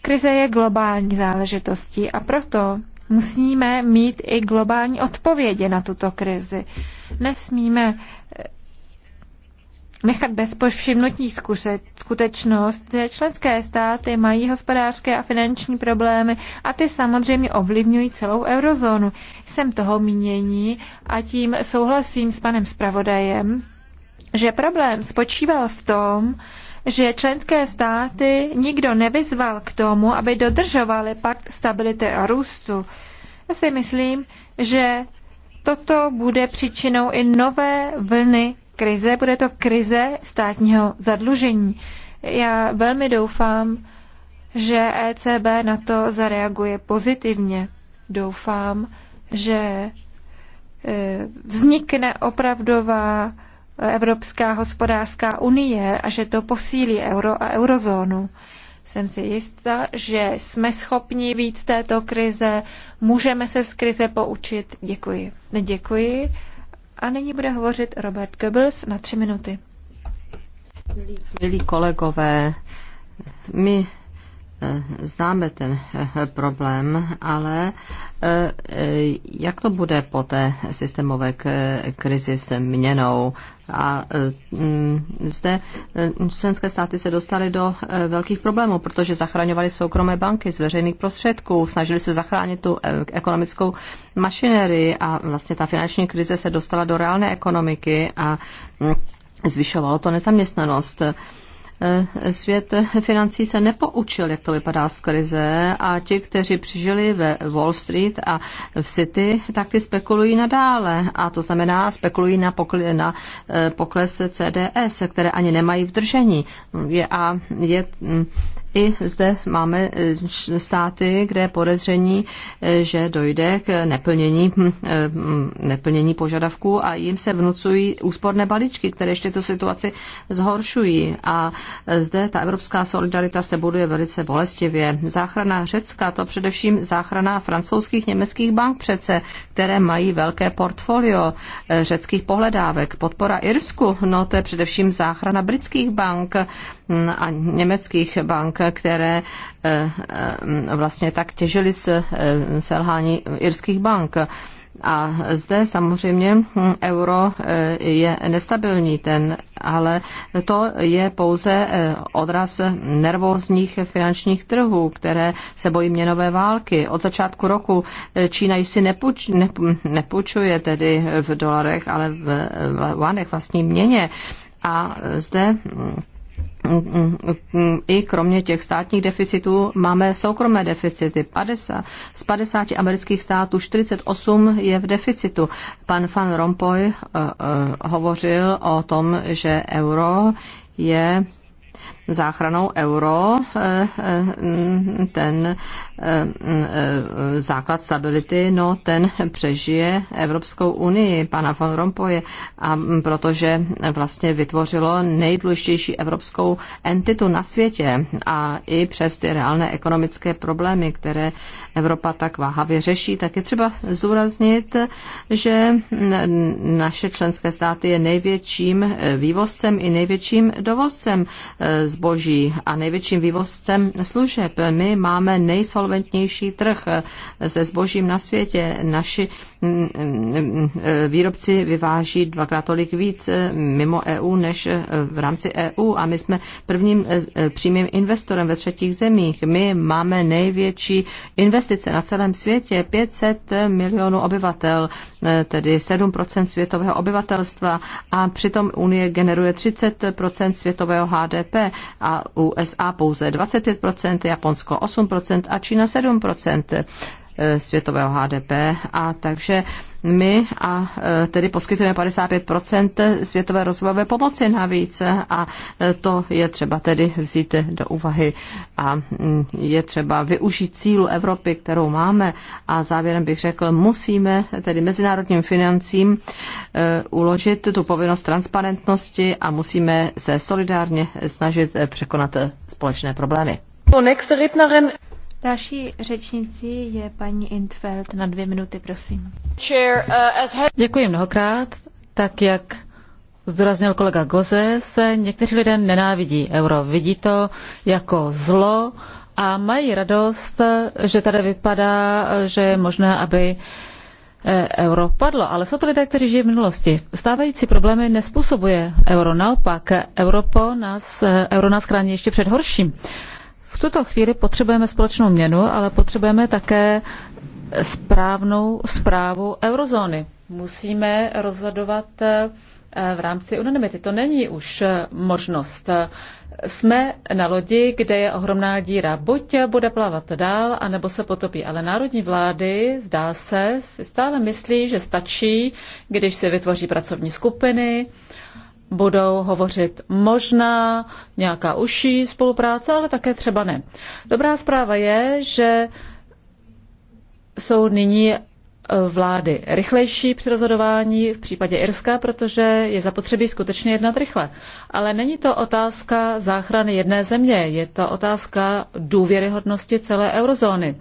Krize je globální záležitostí a proto musíme mít i globální odpovědi na tuto krizi. Nesmíme nechat bez povšimnutí skutečnost, že členské státy mají hospodářské a finanční problémy a ty samozřejmě ovlivňují celou eurozónu. Jsem toho mínění a tím souhlasím s panem zpravodajem, že problém spočíval v tom, že členské státy nikdo nevyzval k tomu, aby dodržovali pakt stability a růstu. Já si myslím, že toto bude příčinou i nové vlny krize, bude to krize státního zadlužení. Já velmi doufám, že ECB na to zareaguje pozitivně. Doufám, že e, vznikne opravdová Evropská hospodářská unie a že to posílí euro a eurozónu. Jsem si jistá, že jsme schopni víc této krize, můžeme se z krize poučit. Děkuji. Děkuji. A nyní bude hovořit Robert Goebbels na tři minuty. Milí, milí kolegové, my eh, známe ten eh, problém, ale eh, jak to bude po té systémové krizi se měnou? A e, mm, zde e, členské státy se dostaly do e, velkých problémů, protože zachraňovaly soukromé banky z veřejných prostředků, snažili se zachránit tu ekonomickou mašinérii a vlastně ta finanční krize se dostala do reálné ekonomiky a mm, zvyšovalo to nezaměstnanost. Eh, svět financí se nepoučil, jak to vypadá z krize a ti, kteří přežili ve Wall Street a v City, tak ty spekulují nadále a to znamená spekulují na, pokl- na eh, pokles CDS, které ani nemají v držení. Je, a je, mm, i zde máme eh, státy, kde je podezření, eh, že dojde k neplnění, hm, eh, neplnění požadavků a jim se vnucují úsporné balíčky, které ještě tu situaci zhoršují. A zde ta evropská solidarita se buduje velice bolestivě. Záchrana Řecka, to především záchrana francouzských, německých bank přece, které mají velké portfolio řeckých pohledávek. Podpora Irsku, no to je především záchrana britských bank a německých bank, které eh, eh, vlastně tak těžily z eh, selhání irských bank. A zde samozřejmě euro je nestabilní ten, ale to je pouze odraz nervózních finančních trhů, které se bojí měnové války. Od začátku roku Čína si ne, nepůjčuje tedy v dolarech, ale v, v vanech vlastní měně. A zde hm, i kromě těch státních deficitů máme soukromé deficity. 50, z 50 amerických států 48 je v deficitu. Pan Van Rompuy uh, uh, hovořil o tom, že euro je záchranou euro eh, eh, ten eh, základ stability, no ten přežije Evropskou unii, pana von Rompuye, a protože vlastně vytvořilo nejdůležitější evropskou entitu na světě a i přes ty reálné ekonomické problémy, které Evropa tak váhavě řeší, tak je třeba zúraznit, že naše členské státy je největším vývozcem i největším dovozcem z zboží a největším vývozcem služeb. My máme nejsolventnější trh se zbožím na světě. Naši výrobci vyváží dvakrát tolik víc mimo EU než v rámci EU a my jsme prvním e, přímým investorem ve třetích zemích. My máme největší investice na celém světě, 500 milionů obyvatel, e, tedy 7% světového obyvatelstva a přitom Unie generuje 30% světového HDP a USA pouze 25%, Japonsko 8% a Čína 7% světového HDP a takže my a e, tedy poskytujeme 55 světové rozvojové pomoci navíc a e, to je třeba tedy vzít do úvahy a je třeba využít cílu Evropy, kterou máme a závěrem bych řekl, musíme tedy mezinárodním financím e, uložit tu povinnost transparentnosti a musíme se solidárně snažit překonat společné problémy. Další řečnici je paní Intfeld na dvě minuty, prosím. Uh, Děkuji mnohokrát. Tak jak zdůraznil kolega Goze, se někteří lidé nenávidí euro. Vidí to jako zlo a mají radost, že tady vypadá, že je možné, aby eh, euro padlo. Ale jsou to lidé, kteří žijí v minulosti. Stávající problémy nespůsobuje euro. Naopak, euro nás, eh, euro nás chrání ještě před horším tuto chvíli potřebujeme společnou měnu, ale potřebujeme také správnou zprávu eurozóny. Musíme rozhodovat eh, v rámci unanimity. To není už eh, možnost. Jsme na lodi, kde je ohromná díra. Buď bude plavat dál, anebo se potopí. Ale národní vlády, zdá se, si stále myslí, že stačí, když se vytvoří pracovní skupiny, budou hovořit možná nějaká užší spolupráce, ale také třeba ne. Dobrá zpráva je, že jsou nyní eh, vlády rychlejší při rozhodování v případě Irska, protože je zapotřebí skutečně jednat rychle. Ale není to otázka záchrany jedné země, je to otázka důvěryhodnosti celé eurozóny.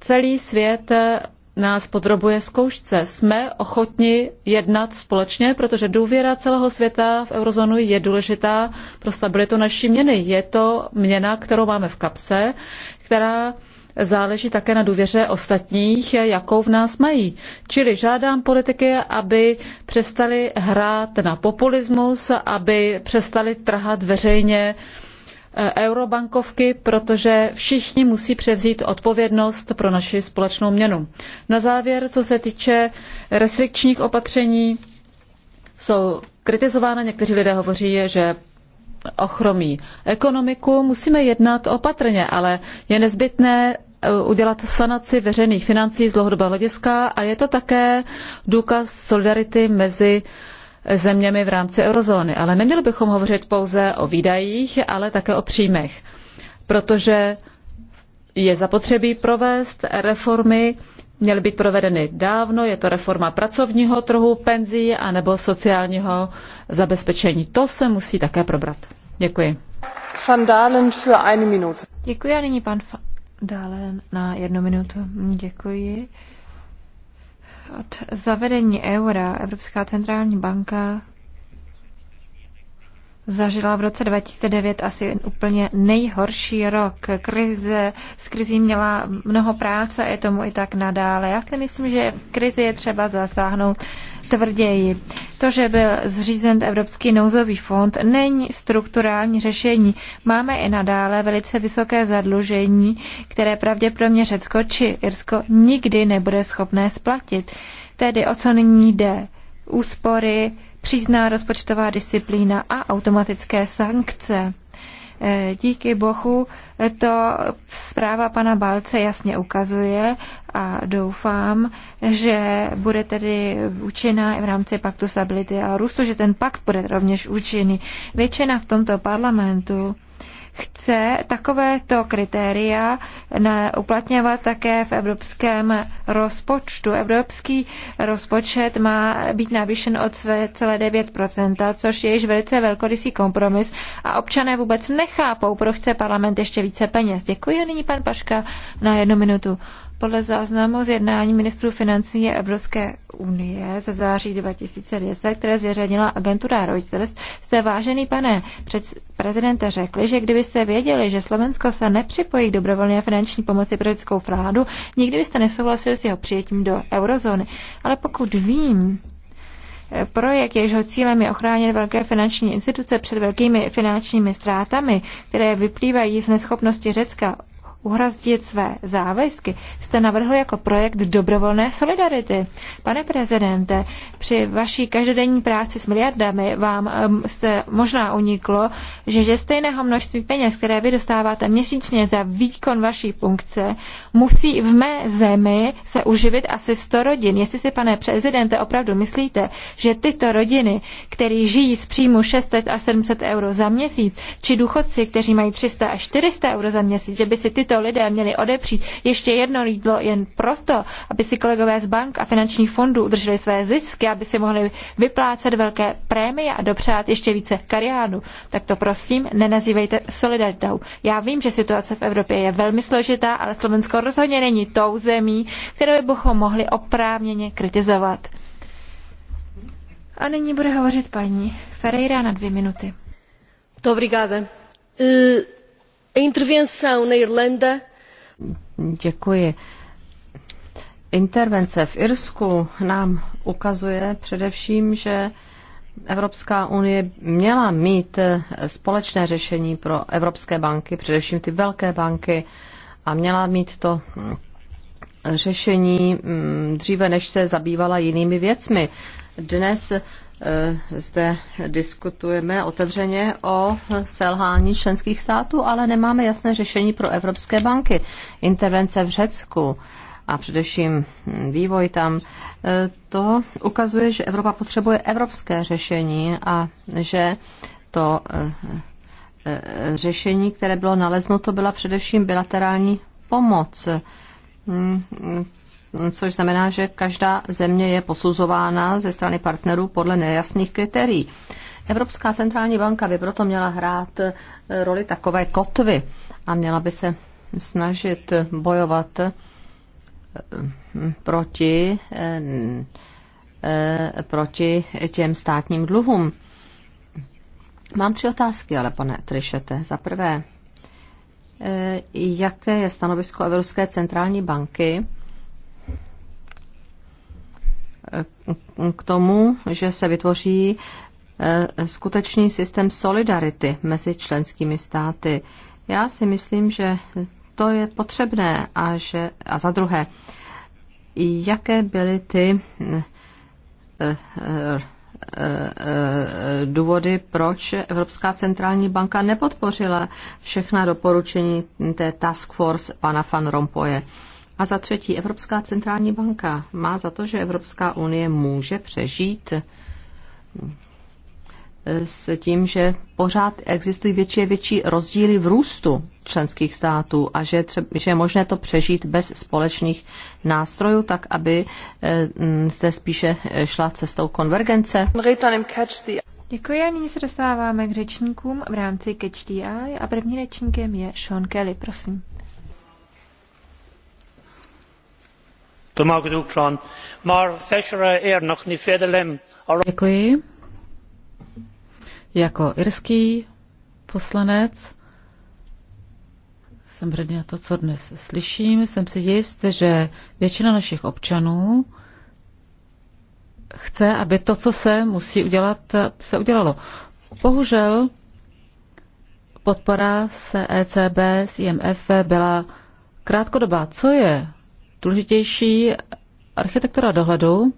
Celý svět eh, nás podrobuje zkoušce. Jsme ochotni jednat společně, protože důvěra celého světa v eurozónu je důležitá pro stabilitu naší měny. Je to měna, kterou máme v kapse, která záleží také na důvěře ostatních, jakou v nás mají. Čili žádám politiky, aby přestali hrát na populismus, aby přestali trhat veřejně uh, Eh, eurobankovky, protože všichni musí převzít odpovědnost pro naši společnou měnu. Na závěr, co se týče restrikčních opatření, jsou kritizována, někteří lidé hovoří, že ochromí ekonomiku. Musíme jednat opatrně, ale je nezbytné eh, udělat sanaci veřejných financí z dlouhodobého hlediska a je to také důkaz solidarity mezi zeměmi v rámci eurozóny. Ale neměli bychom hovořit pouze o výdajích, ale také o příjmech, protože je zapotřebí provést reformy, měly být provedeny dávno, je to reforma pracovního trhu, penzí a nebo sociálního zabezpečení. To se musí také probrat. Děkuji. Van Dalen für eine Minute. Děkuji a nyní pan Van Dalen na jednu minutu. Děkuji. Od zavedení eura Evropská centrální banka zažila v roce 2009 asi úplně nejhorší rok. Krize, s krizí měla mnoho práce a je tomu i tak nadále. Já si myslím, že v krizi je třeba zasáhnout tvrději. To, že byl zřízen Evropský nouzový fond, není strukturální řešení. Máme i nadále velice vysoké zadlužení, které pravděpodobně Řecko či Irsko nikdy nebude schopné splatit. Tedy o co nyní jde? Úspory, přízná rozpočtová disciplína a automatické sankce. Eh, díky bohu eh, to zpráva pana Balce jasně ukazuje a doufám, že bude tedy účinná i v rámci paktu stability a růstu, že ten pakt bude rovněž účinný. Většina v tomto parlamentu chce takovéto kritéria uplatňovat také v evropském rozpočtu. Evropský rozpočet má být navýšen o 9 což je již velice velkorysý kompromis a občané vůbec nechápou, proč chce parlament ještě více peněz. Děkuji a nyní pan Paška na jednu minutu. Podle záznamu z jednání ministrů financí Evropské unie ze září 2010, které zvěřenila agentura Reuters, jste vážený pane před prezidente řekli, že kdyby se věděli, že Slovensko se nepřipojí k dobrovolné finanční pomoci pro lidskou vládu, nikdy byste nesouhlasili s jeho přijetím do eurozóny. Ale pokud vím, Projekt, jehož cílem je ochránit velké finanční instituce před velkými finančními ztrátami, které vyplývají z neschopnosti Řecka uhrazdit své závazky, jste navrhl jako projekt dobrovolné solidarity. Pane prezidente, při vaší každodenní práci s miliardami vám jste možná uniklo, že ze stejného množství peněz, které vy dostáváte měsíčně za výkon vaší funkce, musí v mé zemi se uživit asi 100 rodin. Jestli si, pane prezidente, opravdu myslíte, že tyto rodiny, které žijí z příjmu 600 a 700 euro za měsíc, či důchodci, kteří mají 300 a 400 euro za měsíc, že by si ty tito lidé měli odepřít ještě jedno jídlo jen proto, aby si kolegové z bank a finančních fondů udrželi své zisky, aby si mohli vyplácet velké prémie a dopřát ještě více kariádu, tak to prosím nenazývejte solidaritou. Já vím, že situace v Evropě je velmi složitá, ale Slovensko rozhodně není tou zemí, kterou bychom mohli oprávněně kritizovat. A nyní bude hovořit paní Ferreira na dvě minuty. Dobrý a intervenção na Irlanda. Děkuji. Intervence v Irsku nám ukazuje především, že Evropská unie měla mít společné řešení pro evropské banky, především ty velké banky, a měla mít to řešení mm, dříve, než se zabývala jinými věcmi. Dnes Eh, zde diskutujeme otevřeně o selhání členských států, ale nemáme jasné řešení pro evropské banky. Intervence v Řecku a především vývoj tam, eh, to ukazuje, že Evropa potřebuje evropské řešení a že to eh, řešení, které bylo naleznuto, byla především bilaterální pomoc hmm, což znamená, že každá země je posuzována ze strany partnerů podle nejasných kritérií. Evropská centrální banka by proto měla hrát eh, roli takové kotvy a měla by se snažit bojovat eh, proti, eh, proti těm státním dluhům. Mám tři otázky, ale pane Trišete. Za prvé, jaké je stanovisko Evropské centrální banky k tomu, že se vytvoří eh, skutečný systém solidarity mezi členskými státy. Já si myslím, že to je potřebné a, že, a za druhé, jaké byly ty eh, eh, důvody, proč Evropská centrální banka nepodpořila všechna doporučení té task force pana van Rompoje. A za třetí, Evropská centrální banka má za to, že Evropská unie může přežít eh, s tím, že pořád existují větší a větší rozdíly v růstu členských států a že, tře- že je možné to přežít bez společných nástrojů, tak aby eh, zde spíše eh, šla cestou konvergence. Děkuji a nyní se dostáváme k řečníkům v rámci Catch the Eye a první řečníkem je Sean Kelly, prosím. Děkuji. Jako irský poslanec jsem hrdý na to, co dnes slyším. Jsem si jist, že většina našich občanů chce, aby to, co se musí udělat, se udělalo. Bohužel podpora se ECB s IMF byla krátkodobá. Co je důležitější, architektura dohledu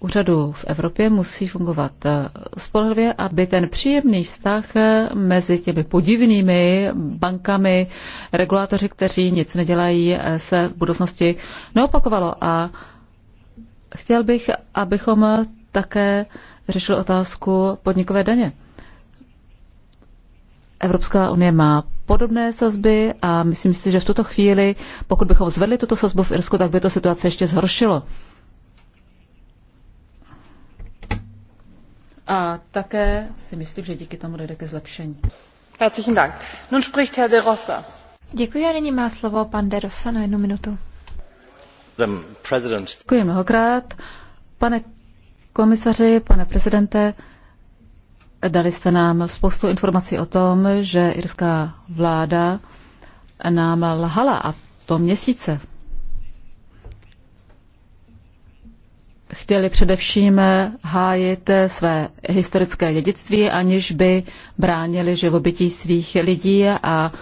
úřadů v Evropě musí fungovat eh, spolehlivě, aby ten příjemný vztah eh, mezi těmi podivnými bankami, regulátoři, kteří nic nedělají, eh, se v budoucnosti neopakovalo. A chtěl bych, abychom také řešili otázku podnikové daně. Evropská unie má podobné sazby a myslím si, že v tuto chvíli, pokud bychom zvedli tuto sazbu v Irsku, tak by to situace ještě zhoršilo. A také si myslím, že díky tomu dojde ke zlepšení. Herzlichen Dank. Nun spricht Herr de Rossa. Děkuji a nyní má slovo pan de Rossa na jednu minutu. Děkuji mnohokrát. Pane komisaři, pane prezidente, Dali jste nám spoustu informací o tom, že irská vláda nám lhala a to měsíce. Chtěli především hájit své historické dědictví, aniž by bránili živobytí svých lidí a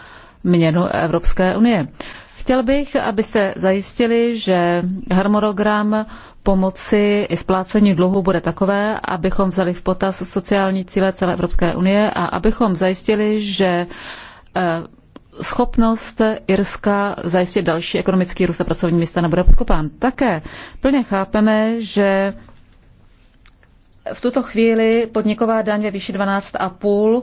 měnu Evropské unie. Chtěl bych, abyste zajistili, že harmonogram pomoci i splácení dluhu bude takové, abychom vzali v potaz sociální cíle celé Evropské unie a abychom zajistili, že eh, schopnost Irska zajistit další ekonomický růst a pracovní místa nebude podkopán. Také plně chápeme, že v tuto chvíli podniková daň ve výši 12,5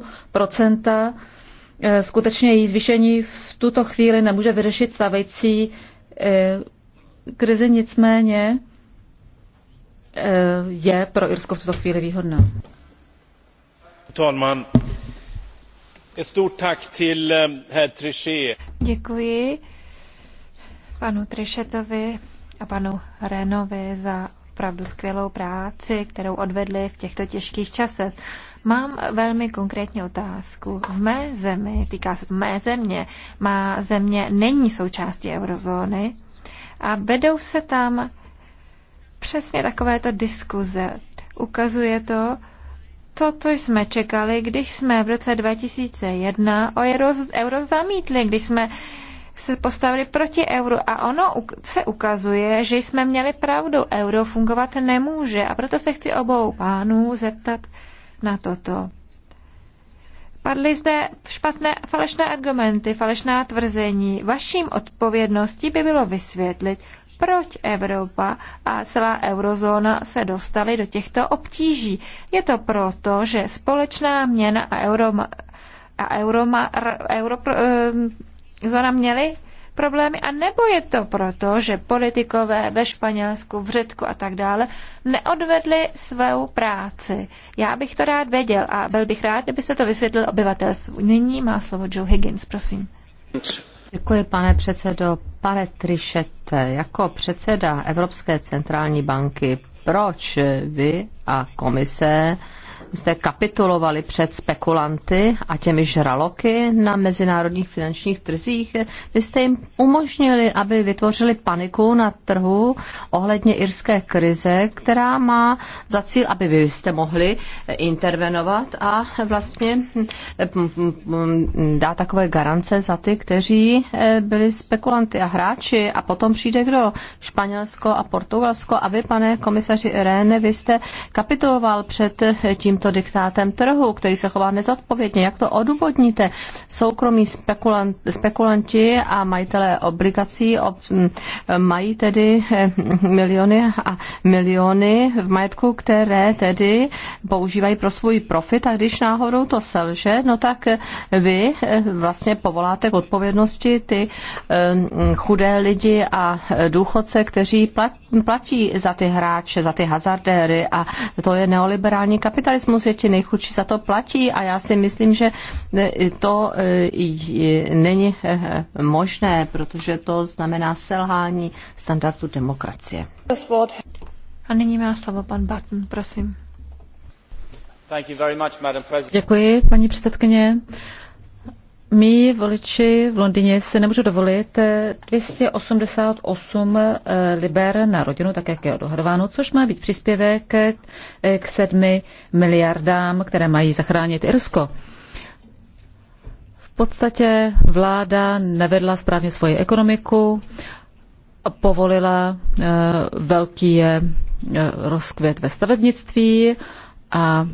Eh, skutečně její zvýšení v tuto chvíli nemůže vyřešit stávající eh, krizi, nicméně eh, je pro Irsko v tuto chvíli výhodná. Talman. Děkuji panu Trišetovi a panu Renovi za opravdu skvělou práci, kterou odvedli v těchto těžkých časech. Mám velmi konkrétní otázku. V mé zemi, týká se to mé země, má země není součástí eurozóny a vedou se tam přesně takovéto diskuze. Ukazuje to, to, co jsme čekali, když jsme v roce 2001 o euro, euro zamítli, když jsme se postavili proti euru a ono se ukazuje, že jsme měli pravdu, euro fungovat nemůže a proto se chci obou pánů zeptat, na toto. Padly zde špatné falešné argumenty, falešná tvrzení. Vaším odpovědností by bylo vysvětlit, proč Evropa a celá eurozóna se dostaly do těchto obtíží. Je to proto, že společná měna a euro, a euro, euro, euro zóna měly problémy, a nebo je to proto, že politikové ve Španělsku, v Řecku a tak dále neodvedli svou práci. Já bych to rád věděl a byl bych rád, kdyby se to vysvětlil obyvatelstvu. Nyní má slovo Joe Higgins, prosím. Děkuji, pane předsedo. Pane Trišete, jako předseda Evropské centrální banky, proč vy a komise jste kapitulovali před spekulanty a těmi žraloky na mezinárodních finančních trzích. Vy jste jim umožnili, aby vytvořili paniku na trhu ohledně irské krize, která má za cíl, aby vy jste mohli intervenovat a vlastně hm, hm, hm, dá takové garance za ty, kteří eh, byli spekulanty a hráči a potom přijde kdo? Španělsko a Portugalsko a vy, pane komisaři Irene, vy jste kapitoloval před eh, tím tímto diktátem trhu, který se chová nezodpovědně. Jak to odůvodníte? Soukromí spekulant, spekulanti a majitelé obligací ob, mají tedy eh, miliony a miliony v majetku, které tedy používají pro svůj profit a když náhodou to selže, no tak vy eh, vlastně povoláte k odpovědnosti ty eh, chudé lidi a důchodce, kteří platí za ty hráče, za ty hazardéry a to je neoliberální kapitalismus socialismus, že ti nejchudší za to platí a já si myslím, že e, to e, není e, možné, protože to znamená selhání standardu demokracie. A nyní má slovo pan Barton, prosím. Děkuji, paní předsedkyně. Mí voliči v Londýně si nemůžu dovolit 288 eh, eh, liber na rodinu, tak jak je odhrováno, což má být příspěvek eh, k sedmi miliardám, které mají zachránit Irsko. V podstatě vláda nevedla správně svoji ekonomiku, povolila velký rozkvět ve stavebnictví a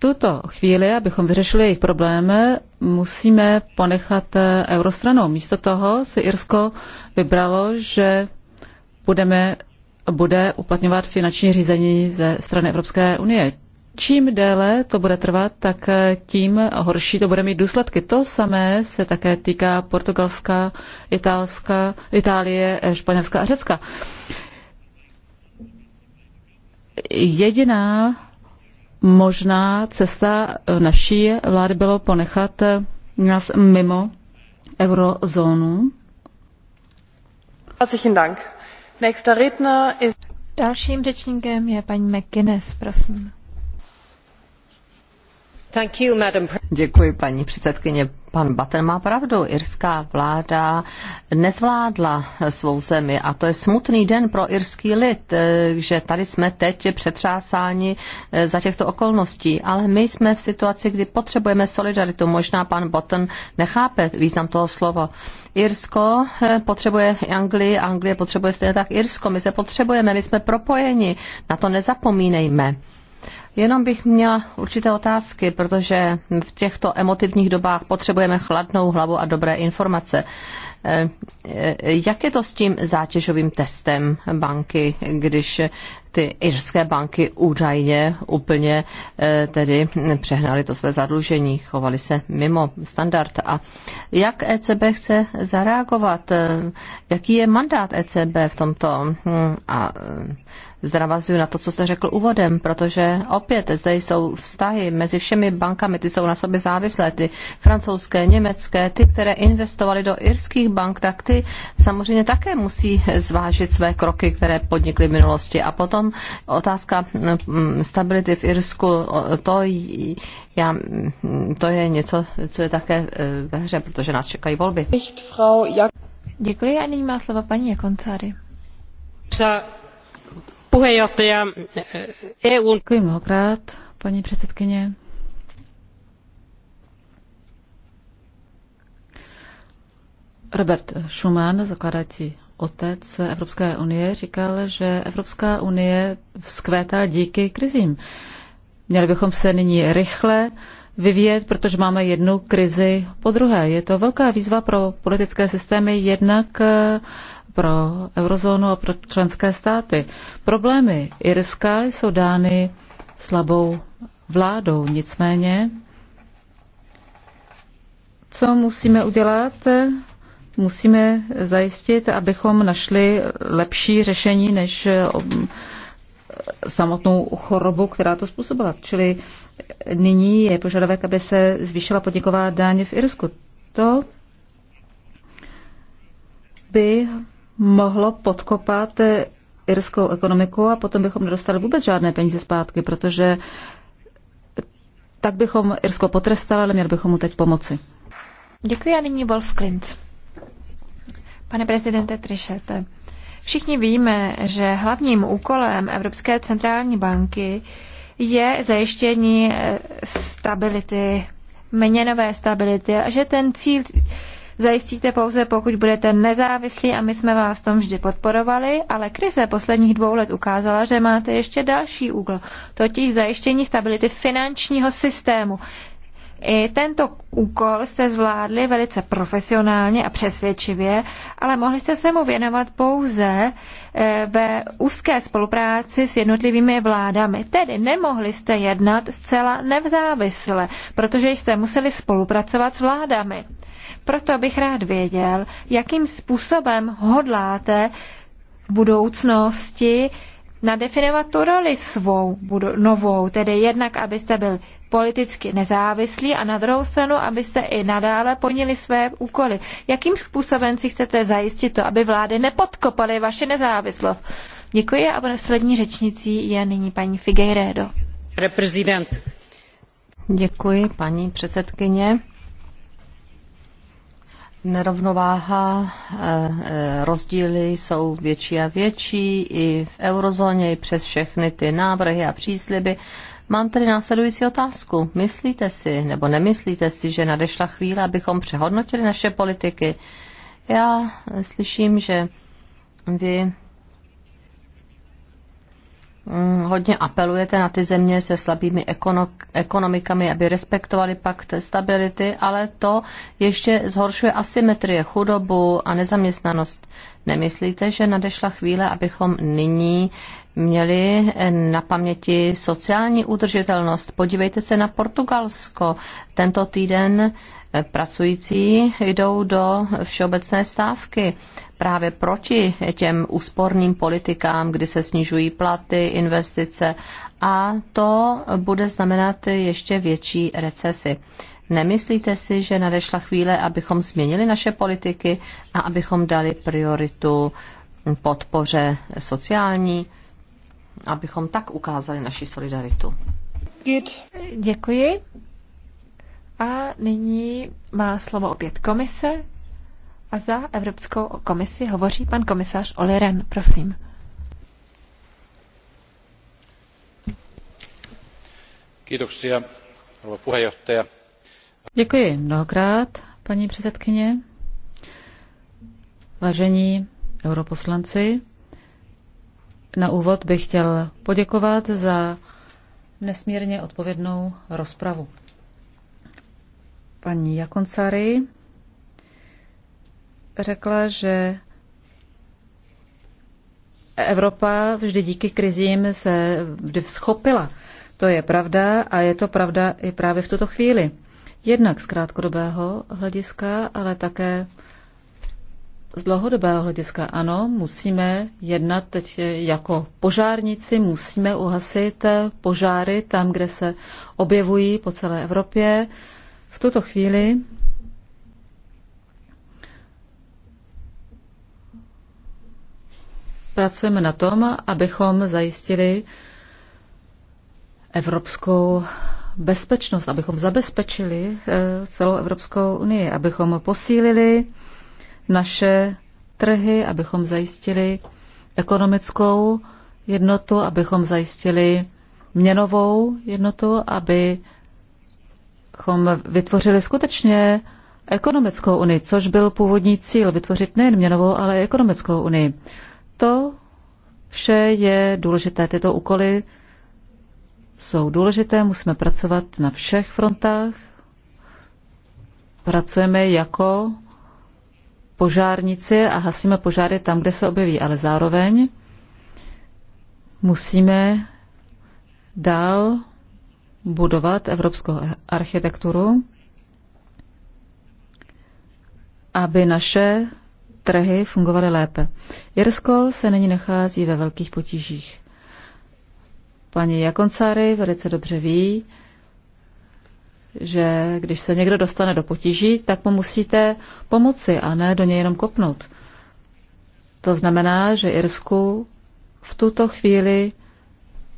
tuto chvíli, abychom vyřešili jejich problémy, musíme ponechat eh, eurostranou. Místo toho si Irsko vybralo, že budeme, bude uplatňovat finanční řízení ze strany Evropské unie. Čím déle to bude trvat, tak eh, tím horší to bude mít důsledky. To samé se také týká Portugalska, Italska, Itálie, eh, Španělska a Řecka. Jediná možná cesta eh, naší vlády bylo ponechat eh, nás mimo eurozónu. Dalším řečníkem je paní McGuinness, prosím. Děkuji, paní předsedkyně. Pan Batten má pravdu. Irská vláda nezvládla svou zemi a to je smutný den pro irský lid, eh, že tady jsme teď přetřásáni eh, za těchto okolností. Ale my jsme v situaci, kdy potřebujeme solidaritu. Možná pan Batten nechápe význam toho slova. Irsko eh, potřebuje Anglii, Anglie potřebuje stejně tak Irsko. My se potřebujeme, my jsme propojeni. Na to nezapomínejme. Jenom bych měla určité otázky, protože v těchto emotivních dobách potřebujeme chladnou hlavu a dobré informace. Eh, eh, jak je to s tím zátěžovým testem banky, když ty irské banky údajně úplně eh, tedy přehnaly to své zadlužení, chovaly se mimo standard. A jak ECB chce zareagovat? Eh, jaký je mandát ECB v tomto? Hm, a eh, zdravazuju na to, co jste řekl úvodem, protože opět zde jsou vztahy mezi všemi bankami, ty jsou na sobě závislé, ty francouzské, německé, ty, které investovaly do irských bank, tak ty samozřejmě také musí zvážit své kroky, které podnikly v minulosti. A potom potom otázka mm, stability v Irsku, to, já, mm, to je něco, co je také e, ve hře, protože nás čekají volby. Děkuji a nyní má slovo paní Jakoncáry. E, e, EU... Děkuji mnohokrát, paní předsedkyně. Robert Schuman, zakladající otec Evropské unie, říkal, že Evropská unie vzkvétá díky krizím. Měli bychom se nyní rychle vyvíjet, protože máme jednu krizi po druhé. Je to velká výzva pro politické systémy, jednak eh, pro eurozónu a pro členské státy. Problémy Irska jsou dány slabou vládou. Nicméně, co musíme udělat, Musíme zajistit, abychom našli lepší řešení než eh, samotnou chorobu, která to způsobila. Čili nyní je požadavek, aby se zvýšila podniková daň v Irsku. To by mohlo podkopat eh, irskou ekonomiku a potom bychom nedostali vůbec žádné peníze zpátky, protože tak bychom Irsko potrestali, ale měli bychom mu teď pomoci. Děkuji a nyní Wolf Klintz. Pane prezidente Trišete, všichni víme, že hlavním úkolem Evropské centrální banky je zajištění eh, stability, měnové stability a že ten cíl zajistíte pouze, pokud budete nezávislí a my jsme vás v tom vždy podporovali, ale krize posledních dvou let ukázala, že máte ještě další úkol, totiž zajištění stability finančního systému. I tento úkol jste zvládli velice profesionálně a přesvědčivě, ale mohli jste se mu věnovat pouze eh, ve úzké spolupráci s jednotlivými vládami. Tedy nemohli jste jednat zcela nevzávisle, protože jste museli spolupracovat s vládami. Proto bych rád věděl, jakým způsobem hodláte v budoucnosti nadefinovat tu roli svou novou, tedy jednak, abyste byl politicky nezávislí a na druhou stranu, abyste i nadále plnili své úkoly. Jakým způsobem si chcete zajistit to, aby vlády nepodkopaly vaše nezávislost? Děkuji a poslední řečnicí je nyní paní Figueiredo. Reprezident. Děkuji, paní předsedkyně nerovnováha, eh, eh, rozdíly jsou větší a větší i v eurozóně, i přes všechny ty návrhy a přísliby. Mám tedy následující otázku. Myslíte si, nebo nemyslíte si, že nadešla chvíle, abychom přehodnotili naše politiky? Já slyším, že vy Mm, hodně apelujete na ty země se slabými ekonomikami, aby respektovali pakt stability, ale to ještě zhoršuje asymetrie, chudobu a nezaměstnanost. Nemyslíte, že nadešla chvíle, abychom nyní měli eh, na paměti sociální udržitelnost? Podívejte se na Portugalsko. Tento týden eh, pracující jdou do všeobecné stávky právě proti těm úsporným politikám, kdy se snižují platy, investice a to bude znamenat ještě větší recesi. Nemyslíte si, že nadešla chvíle, abychom změnili naše politiky a abychom dali prioritu podpoře sociální, abychom tak ukázali naši solidaritu? Děkuji. A nyní má slovo opět komise. A za Evropskou komisi hovoří pan komisař Oli Ren, prosím. Kiitoksia, rouva puheenjohtaja. Děkuji mnohokrát, paní předsedkyně. Vážení europoslanci, na úvod bych chtěl poděkovat za nesmírně odpovědnou rozpravu. Paní Jakoncary řekla, že Evropa vždy díky krizím se vždy vzchopila. To je pravda a je to pravda i právě v tuto chvíli. Jednak z krátkodobého hlediska, ale také z dlouhodobého hlediska ano, musíme jednat teď jako požárníci, musíme uhasit požáry tam, kde se objevují po celé Evropě. V tuto chvíli pracujeme na tom, abychom zajistili evropskou bezpečnost, abychom zabezpečili eh, celou Evropskou unii, abychom posílili naše trhy, abychom zajistili ekonomickou jednotu, abychom zajistili měnovou jednotu, abychom vytvořili skutečně ekonomickou unii, což byl původní cíl, vytvořit nejen měnovou, ale i ekonomickou unii. To vše je důležité. Tyto úkoly jsou důležité, musíme pracovat na všech frontách. Pracujeme jako požárníci a hasíme požáry tam, kde se objeví, ale zároveň musíme dál budovat evropskou architekturu, aby naše trhy fungovaly lépe. Jirsko se nyní nachází ve velkých potížích. Paní Jakoncary velice dobře ví, že když se někdo dostane do potíží, tak mu musíte pomoci a ne do něj jenom kopnout. To znamená, že Irsku v tuto chvíli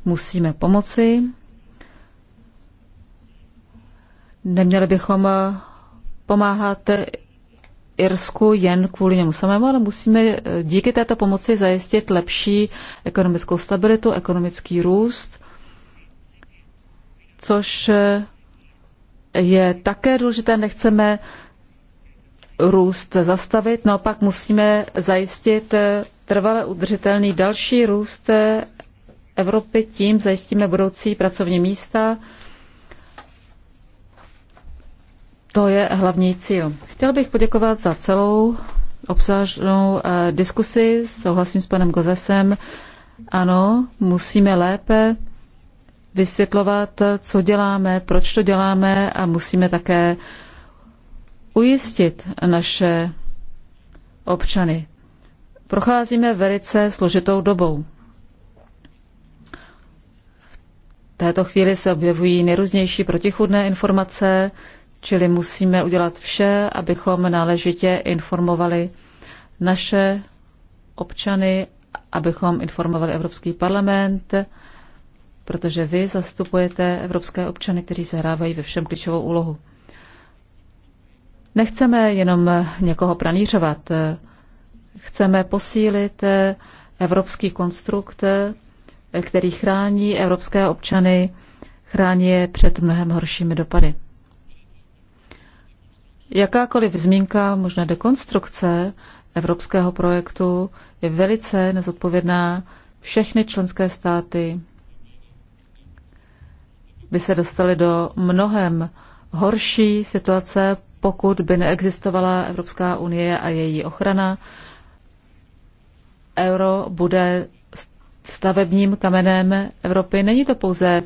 musíme pomoci. Neměli bychom pomáhat Irsku jen kvůli němu samému, ale musíme eh, díky této pomoci zajistit lepší ekonomickou stabilitu, ekonomický růst, což eh, je také důležité. Nechceme růst zastavit, no, pak musíme zajistit eh, trvale udržitelný další růst Evropy, tím zajistíme budoucí pracovní místa, To je hlavní cíl. Chtěl bych poděkovat za celou obsažnou eh, diskusi, souhlasím s panem Gozesem. Ano, musíme lépe vysvětlovat, co děláme, proč to děláme a musíme také ujistit naše občany. Procházíme velice složitou dobou. V této chvíli se objevují nejrůznější protichudné informace, Čili musíme udělat vše, abychom náležitě informovali naše občany, abychom informovali Evropský parlament, protože vy zastupujete evropské občany, kteří se hrávají ve všem klíčovou úlohu. Nechceme jenom někoho pranířovat. Chceme posílit evropský konstrukt, který chrání evropské občany, chrání je před mnohem horšími dopady. Jakákoliv zmínka, možná dekonstrukce evropského projektu je velice nezodpovědná. Všechny členské státy by se dostaly do mnohem horší situace, pokud by neexistovala Evropská unie a její ochrana. Euro bude stavebním kamenem Evropy. Není to pouze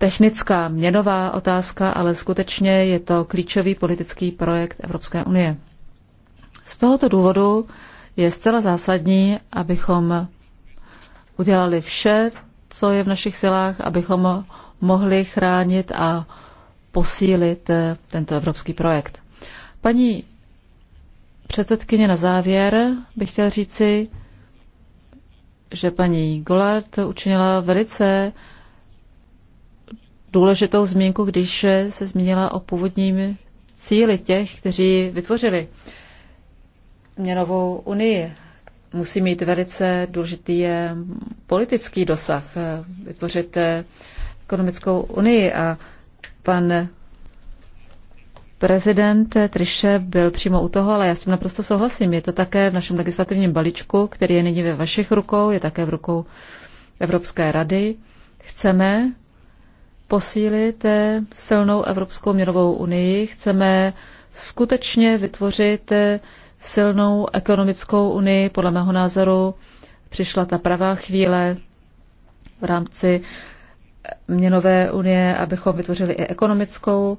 technická měnová otázka, ale skutečně je to klíčový politický projekt Evropské unie. Z tohoto důvodu je zcela zásadní, abychom udělali vše, co je v našich silách, abychom mohli chránit a posílit eh, tento evropský projekt. Paní předsedkyně, na závěr bych chtěl říci, že paní Gollard učinila velice důležitou zmínku, když se zmínila o původním cíli těch, kteří vytvořili měnovou unii. Musí mít velice důležitý politický dosah, eh, vytvořit eh, ekonomickou unii a pan prezident Triše byl přímo u toho, ale já s tím naprosto souhlasím. Je to také v našem legislativním balíčku, který je nyní ve vašich rukou, je také v rukou Evropské rady. Chceme posílit eh, silnou Evropskou měnovou unii. Chceme skutečně vytvořit eh, silnou ekonomickou unii. Podle mého názoru přišla ta pravá chvíle v rámci měnové unie, abychom vytvořili i ekonomickou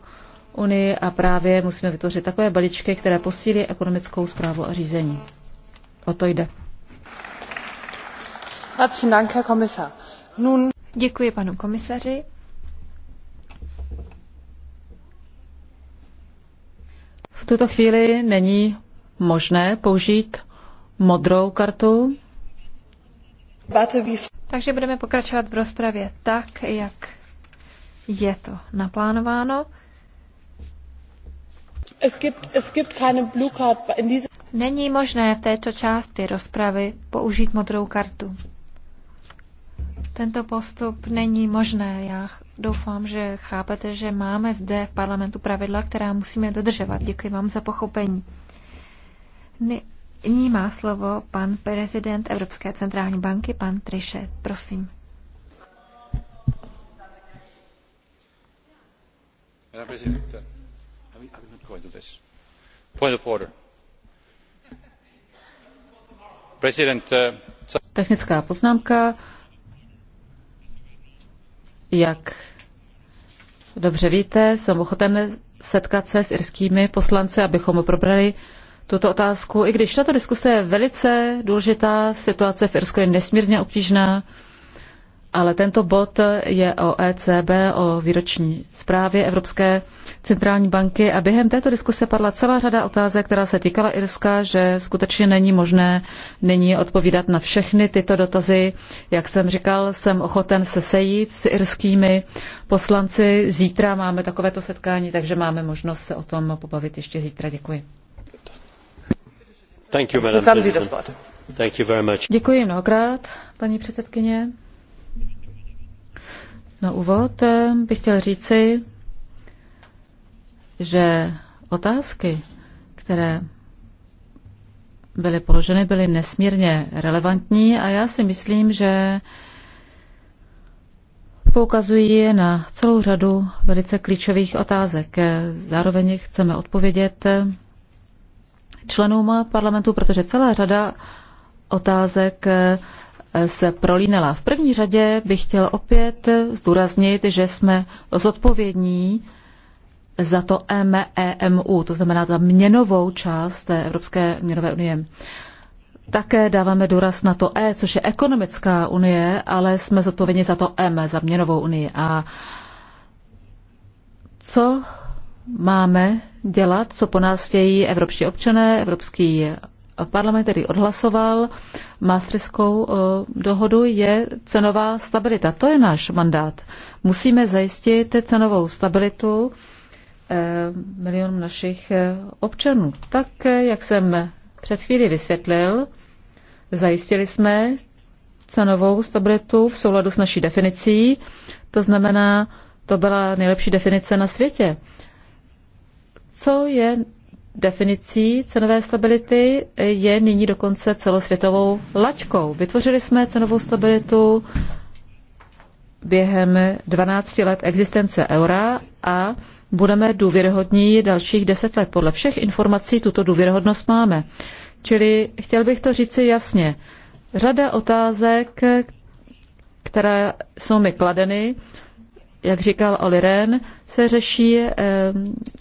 unii a právě musíme vytvořit takové balíčky, které posílí ekonomickou zprávu a řízení. O to jde. Děkuji panu komisaři. V tuto chvíli není možné použít modrou kartu. Takže budeme pokračovat v rozpravě tak, jak je to naplánováno. Není možné v této části rozpravy použít modrou kartu. Tento postup není možné. Já Doufám, že chápete, že máme zde v parlamentu pravidla, která musíme dodržovat. Děkuji vám za pochopení. Nyní má slovo pan prezident Evropské centrální banky, pan Triše. Prosím. Uh, uh, Technická poznámka. Jak Dobře víte, jsem ochoten setkat se s irskými poslanci, abychom probrali tuto otázku. I když tato diskuse je velice důležitá, situace v Irsku je nesmírně obtížná, ale tento bod je o ECB, o výroční zprávě Evropské centrální banky a během této diskuse padla celá řada otázek, která se týkala Irska, že skutečně není možné nyní odpovídat na všechny tyto dotazy. Jak jsem říkal, jsem ochoten se sejít s irskými poslanci. Zítra máme takovéto setkání, takže máme možnost se o tom pobavit ještě zítra. Děkuji. Thank you, Děkuji mnohokrát, paní předsedkyně. Na úvod eh, bych chtěl říci, že otázky, které byly položeny, byly nesmírně relevantní a já si myslím, že poukazují na celou řadu velice klíčových otázek. Eh, zároveň chceme odpovědět eh, členům parlamentu, protože celá řada otázek se prolínala. V první řadě bych chtěl opět zdůraznit, že jsme zodpovědní za to MEMU, to znamená za měnovou část té Evropské měnové unie. Také dáváme důraz na to E, což je ekonomická unie, ale jsme zodpovědní za to M, za měnovou unii. A co máme dělat, co po nás chtějí evropští občané, evropský parlament tedy odhlasoval Maastrichtskou eh, dohodu, je cenová stabilita. To je náš mandát. Musíme zajistit cenovou stabilitu eh, milionům našich eh, občanů. Tak, jak jsem před chvíli vysvětlil, zajistili jsme cenovou stabilitu v souladu s naší definicí. To znamená, to byla nejlepší definice na světě. Co je definicí cenové stability je nyní dokonce celosvětovou laťkou. Vytvořili jsme cenovou stabilitu během 12 let existence eura a budeme důvěryhodní dalších 10 let. Podle všech informací tuto důvěryhodnost máme. Čili chtěl bych to říci jasně. Řada otázek, které jsou mi kladeny, jak říkal Oli Ren, se řeší eh,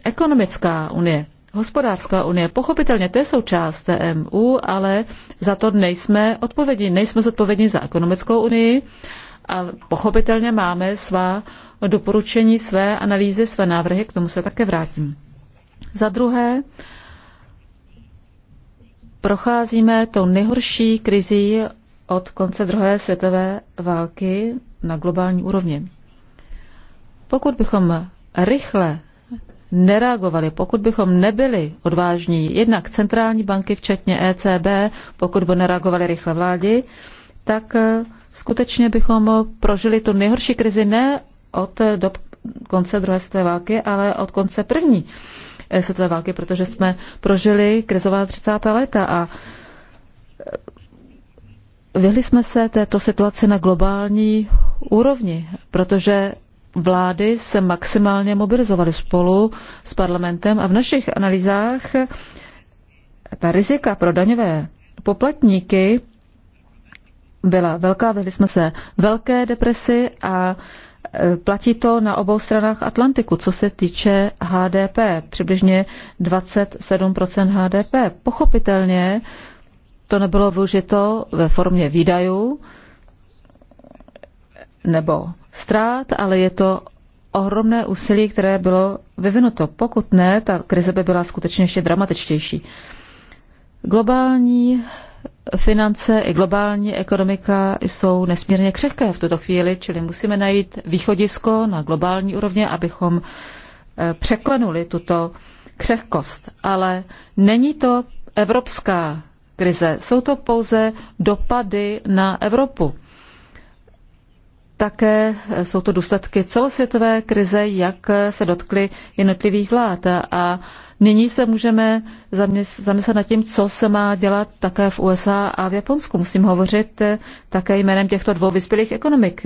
ekonomická unie hospodářská unie. Pochopitelně to je součást EMU, ale za to nejsme odpovědní. Nejsme zodpovědní za ekonomickou unii, ale pochopitelně máme svá doporučení, své analýzy, své návrhy, k tomu se také vrátím. Za druhé, procházíme tou nejhorší krizí od konce druhé světové války na globální úrovni. Pokud bychom rychle nereagovali, pokud bychom nebyli odvážní, jednak centrální banky, včetně ECB, pokud by nereagovali rychle vládi, tak eh, skutečně bychom prožili tu nejhorší krizi ne od eh, do konce druhé světové války, ale od konce první eh, světové války, protože jsme prožili krizová 30. léta a vyhli jsme se této situaci na globální úrovni, protože vlády se maximálně mobilizovaly spolu s parlamentem a v našich analýzách ta rizika pro daňové poplatníky byla velká, vedli jsme se velké depresi a e, platí to na obou stranách Atlantiku, co se týče HDP, přibližně 27% HDP. Pochopitelně to nebylo využito ve formě výdajů, nebo ztrát, ale je to ohromné úsilí, které bylo vyvinuto. Pokud ne, ta krize by byla skutečně ještě dramatičtější. Globální finance i globální ekonomika jsou nesmírně křehké v tuto chvíli, čili musíme najít východisko na globální úrovně, abychom eh, překlenuli tuto křehkost. Ale není to evropská krize, jsou to pouze dopady na Evropu také eh, jsou to důsledky celosvětové krize, jak eh, se dotkly jednotlivých vlád. A nyní se můžeme zamyslet nad tím, co se má dělat také v USA a v Japonsku. Musím hovořit eh, také jménem těchto dvou vyspělých ekonomik.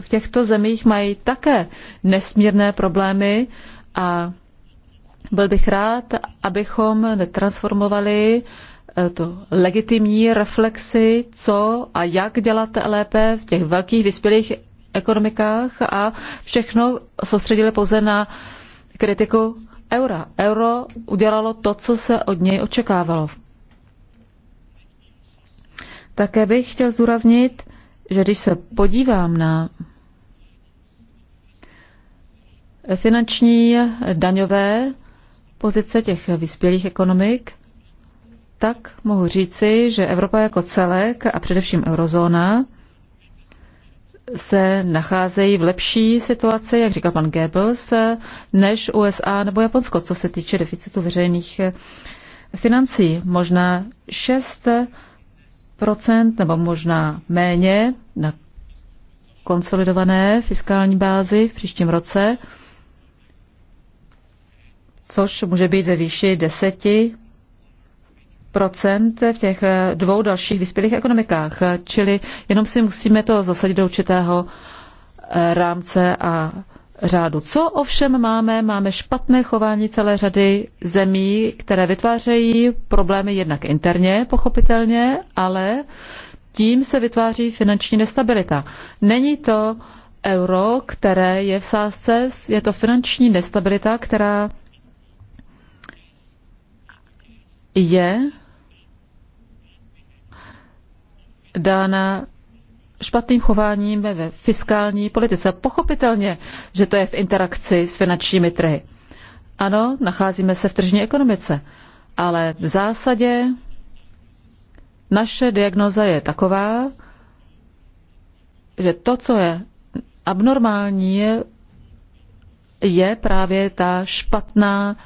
V těchto zemích mají také nesmírné problémy a byl bych rád, abychom netransformovali to legitimní reflexy, co a jak dělat lépe v těch velkých vyspělých ekonomikách a všechno soustředili pouze na kritiku eura. Euro udělalo to, co se od něj očekávalo. Také bych chtěl zúraznit, že když se podívám na finanční daňové pozice těch vyspělých ekonomik, tak mohu říci, že Evropa jako celek a především eurozóna se nacházejí v lepší situaci, jak říkal pan Goebbels, než USA nebo Japonsko, co se týče deficitu veřejných eh, financí. Možná 6 nebo možná méně na konsolidované fiskální bázi v příštím roce, což může být ve výši 10 v těch eh, dvou dalších vyspělých ekonomikách. Čili jenom si musíme to zasadit do určitého eh, rámce a řádu. Co ovšem máme? Máme špatné chování celé řady zemí, které vytvářejí problémy jednak interně, pochopitelně, ale tím se vytváří finanční nestabilita. Není to euro, které je v sázce, je to finanční nestabilita, která je dána špatným chováním ve fiskální politice. Pochopitelně, že to je v interakci s finančními trhy. Ano, nacházíme se v tržní ekonomice, ale v zásadě naše diagnoza je taková, že to, co je abnormální, je právě ta špatná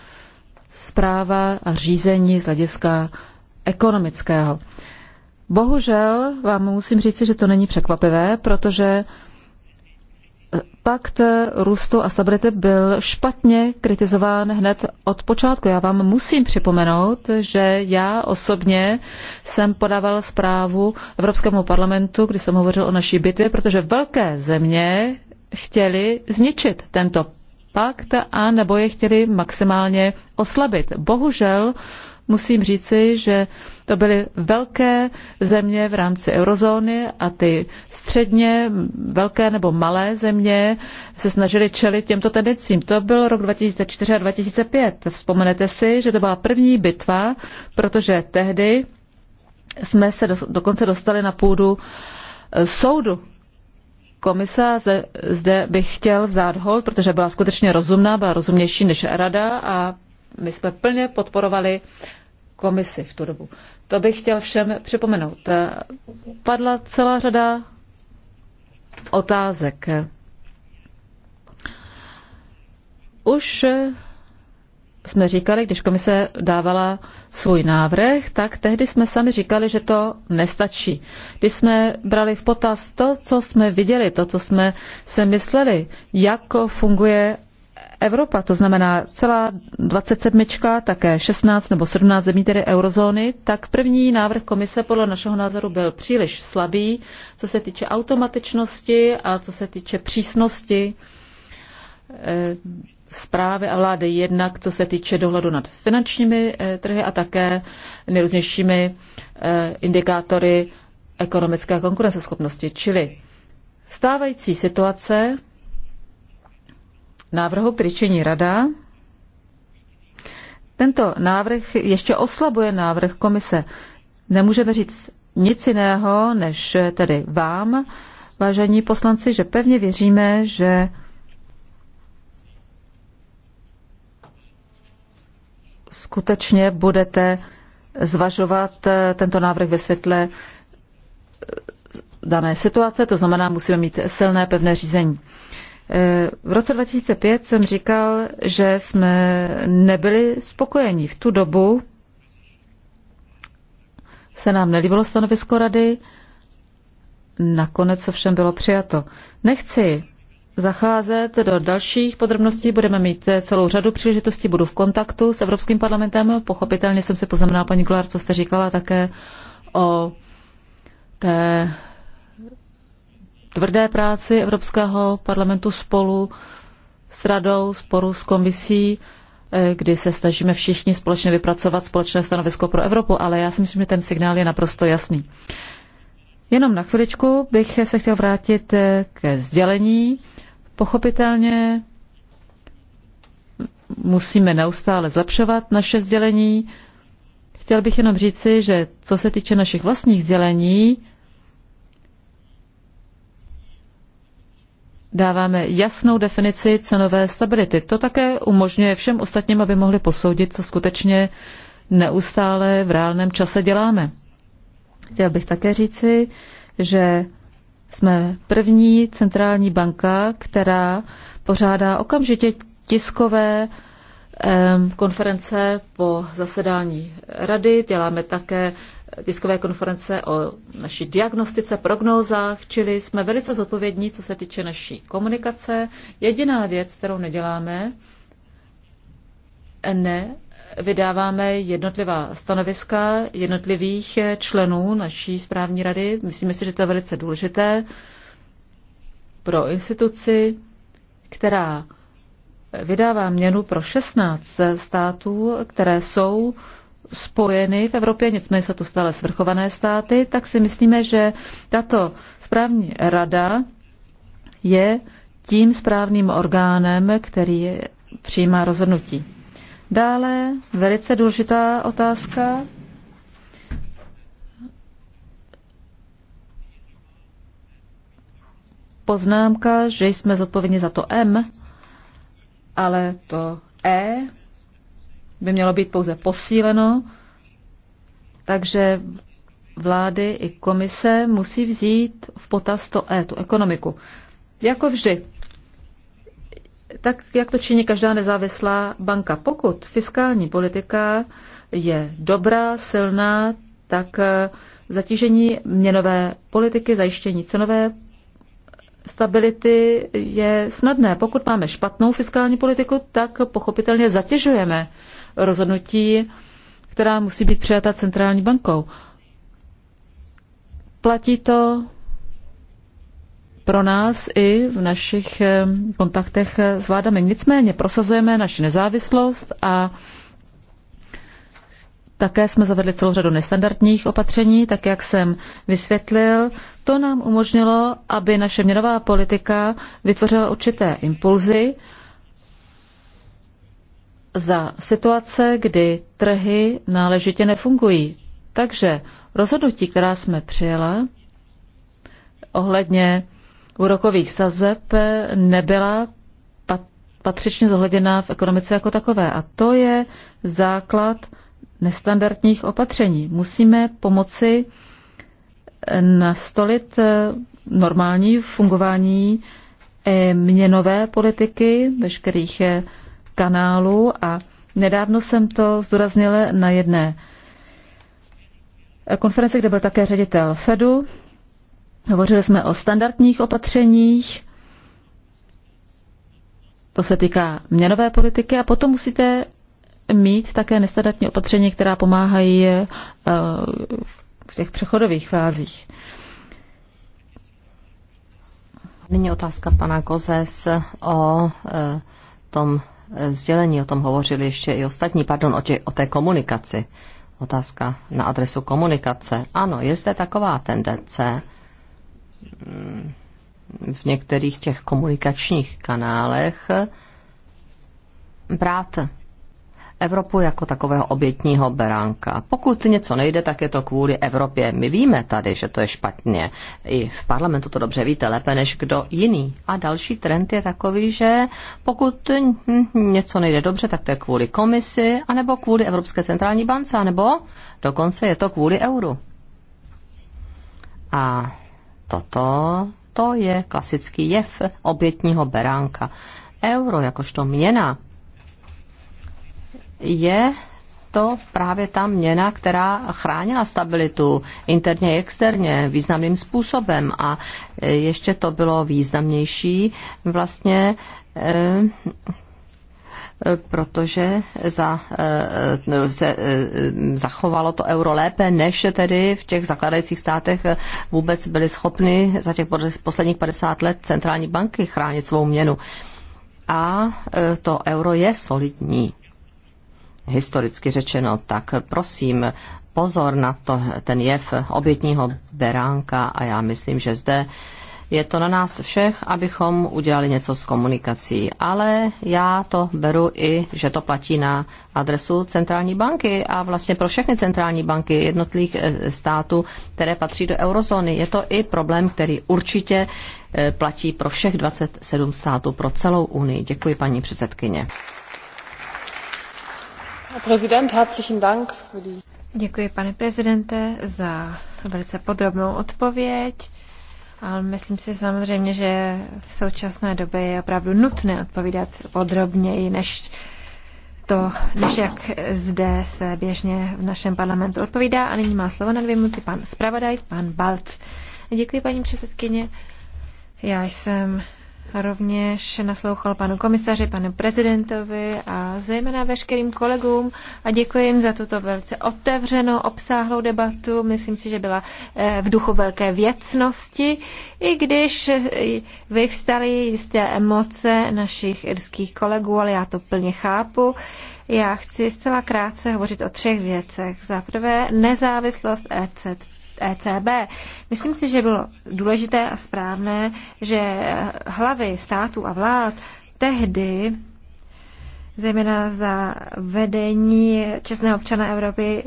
zpráva a řízení z hlediska ekonomického. Bohužel vám musím říct, že to není překvapivé, protože eh, pakt růstu a stability byl špatně kritizován hned od počátku. Já vám musím připomenout, že já osobně jsem podával zprávu Evropskému parlamentu, kdy jsem hovořil o naší bitvě, protože velké země chtěli zničit tento pakt a nebo je chtěli maximálně oslabit. Bohužel musím říci, že to byly velké země v rámci eurozóny a ty středně velké nebo malé země se snažily čelit těmto tendencím. To byl rok 2004 a 2005. Vzpomenete si, že to byla první bitva, protože tehdy jsme se dokonce dostali na půdu eh, soudu komisa zde bych chtěl vzdát hold, protože byla skutečně rozumná, byla rozumnější než rada a my jsme plně podporovali komisi v tu dobu. To bych chtěl všem připomenout. Padla celá řada otázek. Už jsme říkali, když komise dávala svůj návrh, tak tehdy jsme sami říkali, že to nestačí. Když jsme brali v potaz to, co jsme viděli, to, co jsme se mysleli, jak funguje Evropa, to znamená celá 27, také 16 nebo 17 zemí tedy eurozóny, tak první návrh komise podle našeho názoru byl příliš slabý, co se týče automatičnosti a co se týče přísnosti eh, zprávy a vlády jednak, co se týče dohledu nad finančními eh, trhy a také nejrůznějšími eh, indikátory ekonomické konkurenceschopnosti. Čili stávající situace návrhu, který činí rada, tento návrh ještě oslabuje návrh komise. Nemůžeme říct nic jiného, než tedy vám, vážení poslanci, že pevně věříme, že skutečně budete zvažovat tento návrh ve světle dané situace, to znamená, musíme mít silné pevné řízení. Eh, v roce 2005 jsem říkal, že jsme nebyli spokojeni. V tu dobu se nám nelíbilo stanovisko rady, nakonec se všem bylo přijato. Nechci zacházet do dalších podrobností, budeme mít eh, celou řadu příležitostí, budu v kontaktu s Evropským parlamentem, pochopitelně jsem si poznamenala paní Kulár, co jste říkala také o té tvrdé práci Evropského parlamentu spolu s radou, spolu s komisí, eh, kdy se snažíme všichni společně vypracovat společné stanovisko pro Evropu, ale já si myslím, že ten signál je naprosto jasný. Jenom na chviličku bych se chtěl vrátit eh, ke sdělení. Pochopitelně musíme neustále zlepšovat naše sdělení. Chtěl bych jenom říci, že co se týče našich vlastních sdělení, dáváme jasnou definici cenové stability. To také umožňuje všem ostatním, aby mohli posoudit, co skutečně neustále v reálném čase děláme. Chtěl bych také říci, že jsme první centrální banka, která pořádá okamžitě tiskové konference po zasedání rady. Děláme také tiskové konference o naší diagnostice, prognózách, čili jsme velice zodpovědní, co se týče naší komunikace. Jediná věc, kterou neděláme, ne, vydáváme jednotlivá stanoviska jednotlivých členů naší správní rady. Myslíme si, že to je velice důležité pro instituci, která vydává měnu pro 16 států, které jsou spojeny v Evropě, nicméně jsou to stále svrchované státy, tak si myslíme, že tato správní rada je tím správným orgánem, který přijímá rozhodnutí. Dále velice důležitá otázka. Poznámka, že jsme zodpovědní za to M, ale to E by mělo být pouze posíleno, takže vlády i komise musí vzít v potaz to E, tu ekonomiku. Jako vždy, tak jak to činí každá nezávislá banka. Pokud fiskální politika je dobrá, silná, tak eh, zatížení měnové politiky, zajištění cenové stability je snadné. Pokud máme špatnou fiskální politiku, tak pochopitelně zatěžujeme rozhodnutí, která musí být přijata centrální bankou. Platí to pro nás i v našich eh, kontaktech s vládami. Nicméně prosazujeme naši nezávislost a také jsme zavedli celou řadu nestandardních opatření, tak jak jsem vysvětlil. To nám umožnilo, aby naše měnová politika vytvořila určité impulzy, za situace, kdy trhy náležitě nefungují. Takže rozhodnutí, která jsme přijela ohledně úrokových sazeb, nebyla patřičně zohleděná v ekonomice jako takové. A to je základ nestandardních opatření. Musíme pomoci nastolit normální fungování e, měnové politiky, veškerých e, kanálu a nedávno jsem to zdůraznila na jedné konferenci, kde byl také ředitel Fedu. Hovořili jsme o standardních opatřeních, to se týká měnové politiky a potom musíte mít také nestandardní opatření, která pomáhají eh, v těch přechodových fázích. Nyní otázka pana Kozes o eh, tom sdělení, o tom hovořili ještě i ostatní, pardon, o, tě, o té komunikaci. Otázka na adresu komunikace. Ano, je zde taková tendence mm, v některých těch komunikačních kanálech brát Evropu jako takového obětního beránka. Pokud něco nejde, tak je to kvůli Evropě. My víme tady, že to je špatně. I v parlamentu to dobře víte lépe než kdo jiný. A další trend je takový, že pokud něco nejde dobře, tak to je kvůli komisi, anebo kvůli Evropské centrální bance, anebo dokonce je to kvůli euru. A toto to je klasický jev obětního beránka. Euro jakožto měna je to právě ta měna, která chránila stabilitu interně i externě významným způsobem a e, ještě to bylo významnější vlastně e, e, protože za, se zachovalo to euro lépe, než tedy v těch zakladajících státech vůbec byly schopny za těch posledních 50 let centrální banky chránit svou měnu. A to euro je solidní historicky řečeno, tak prosím, pozor na to, ten jev obětního beránka a já myslím, že zde je to na nás všech, abychom udělali něco s komunikací, ale já to beru i, že to platí na adresu centrální banky a vlastně pro všechny centrální banky jednotlivých eh, států, které patří do eurozóny. Je to i problém, který určitě eh, platí pro všech 27 států, pro celou Unii. Děkuji, paní předsedkyně. Děkuji, pane prezidente, za velice podrobnou odpověď. Ale myslím si samozřejmě, že v současné době je opravdu nutné odpovídat podrobněji, než to, než jak zde se běžně v našem parlamentu odpovídá. A nyní má slovo na dvě minuty pan zpravodaj, pan Balt. Děkuji, paní předsedkyně. Já jsem rovněž naslouchal panu komisaři, panu prezidentovi a zejména veškerým kolegům a děkuji jim za tuto velice otevřenou, obsáhlou debatu. Myslím si, že byla eh, v duchu velké věcnosti, i když eh, vyvstaly jisté emoce našich irských kolegů, ale já to plně chápu. Já chci zcela krátce hovořit o třech věcech. Za prvé nezávislost ECT ECB. Myslím si, že bylo důležité a správné, že hlavy států a vlád tehdy zejména za vedení čestného občana Evropy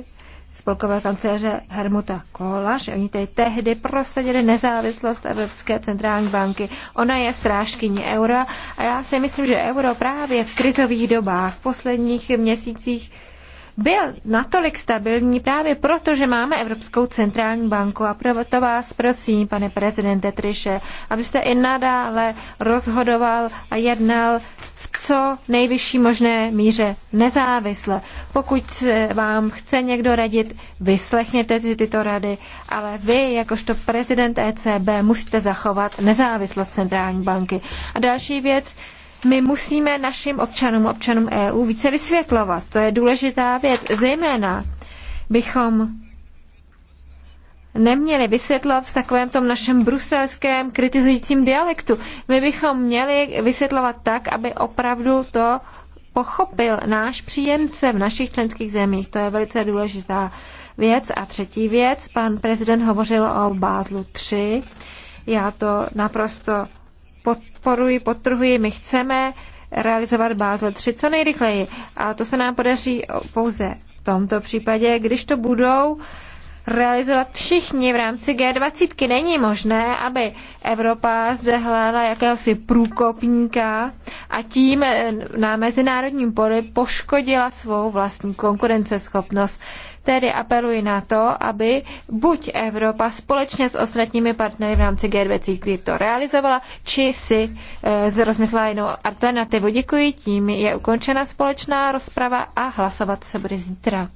spolkové kanceláře Hermuta Kohla, že oni tady tehdy prosadili nezávislost Evropské centrální banky. Ona je strážkyní eura a já si myslím, že euro právě v krizových dobách, v posledních měsících byl natolik stabilní právě proto, že máme Evropskou centrální banku. A proto vás prosím, pane prezidente Triše, abyste i nadále rozhodoval a jednal v co nejvyšší možné míře nezávisle. Pokud vám chce někdo radit, vyslechněte si tyto rady, ale vy, jakožto prezident ECB, musíte zachovat nezávislost centrální banky. A další věc, my musíme našim občanům, občanům EU více vysvětlovat. To je důležitá věc. Zejména bychom neměli vysvětlovat v takovém tom našem bruselském kritizujícím dialektu. My bychom měli vysvětlovat tak, aby opravdu to pochopil náš příjemce v našich členských zemích. To je velice důležitá věc. A třetí věc, pan prezident hovořil o Bázlu 3. Já to naprosto podporuji, podtrhuji, my chceme realizovat Bázel 3 co nejrychleji. A to se nám podaří pouze v tomto případě, když to budou realizovat všichni v rámci G20. Není možné, aby Evropa zde hledala jakéhosi průkopníka a tím na mezinárodním poli poškodila svou vlastní konkurenceschopnost. Tedy apeluji na to, aby buď Evropa společně s ostatními partnery v rámci G20 to realizovala, či si e, rozmyslela jinou alternativu. Děkuji, tím je ukončena společná rozprava a hlasovat se bude zítra.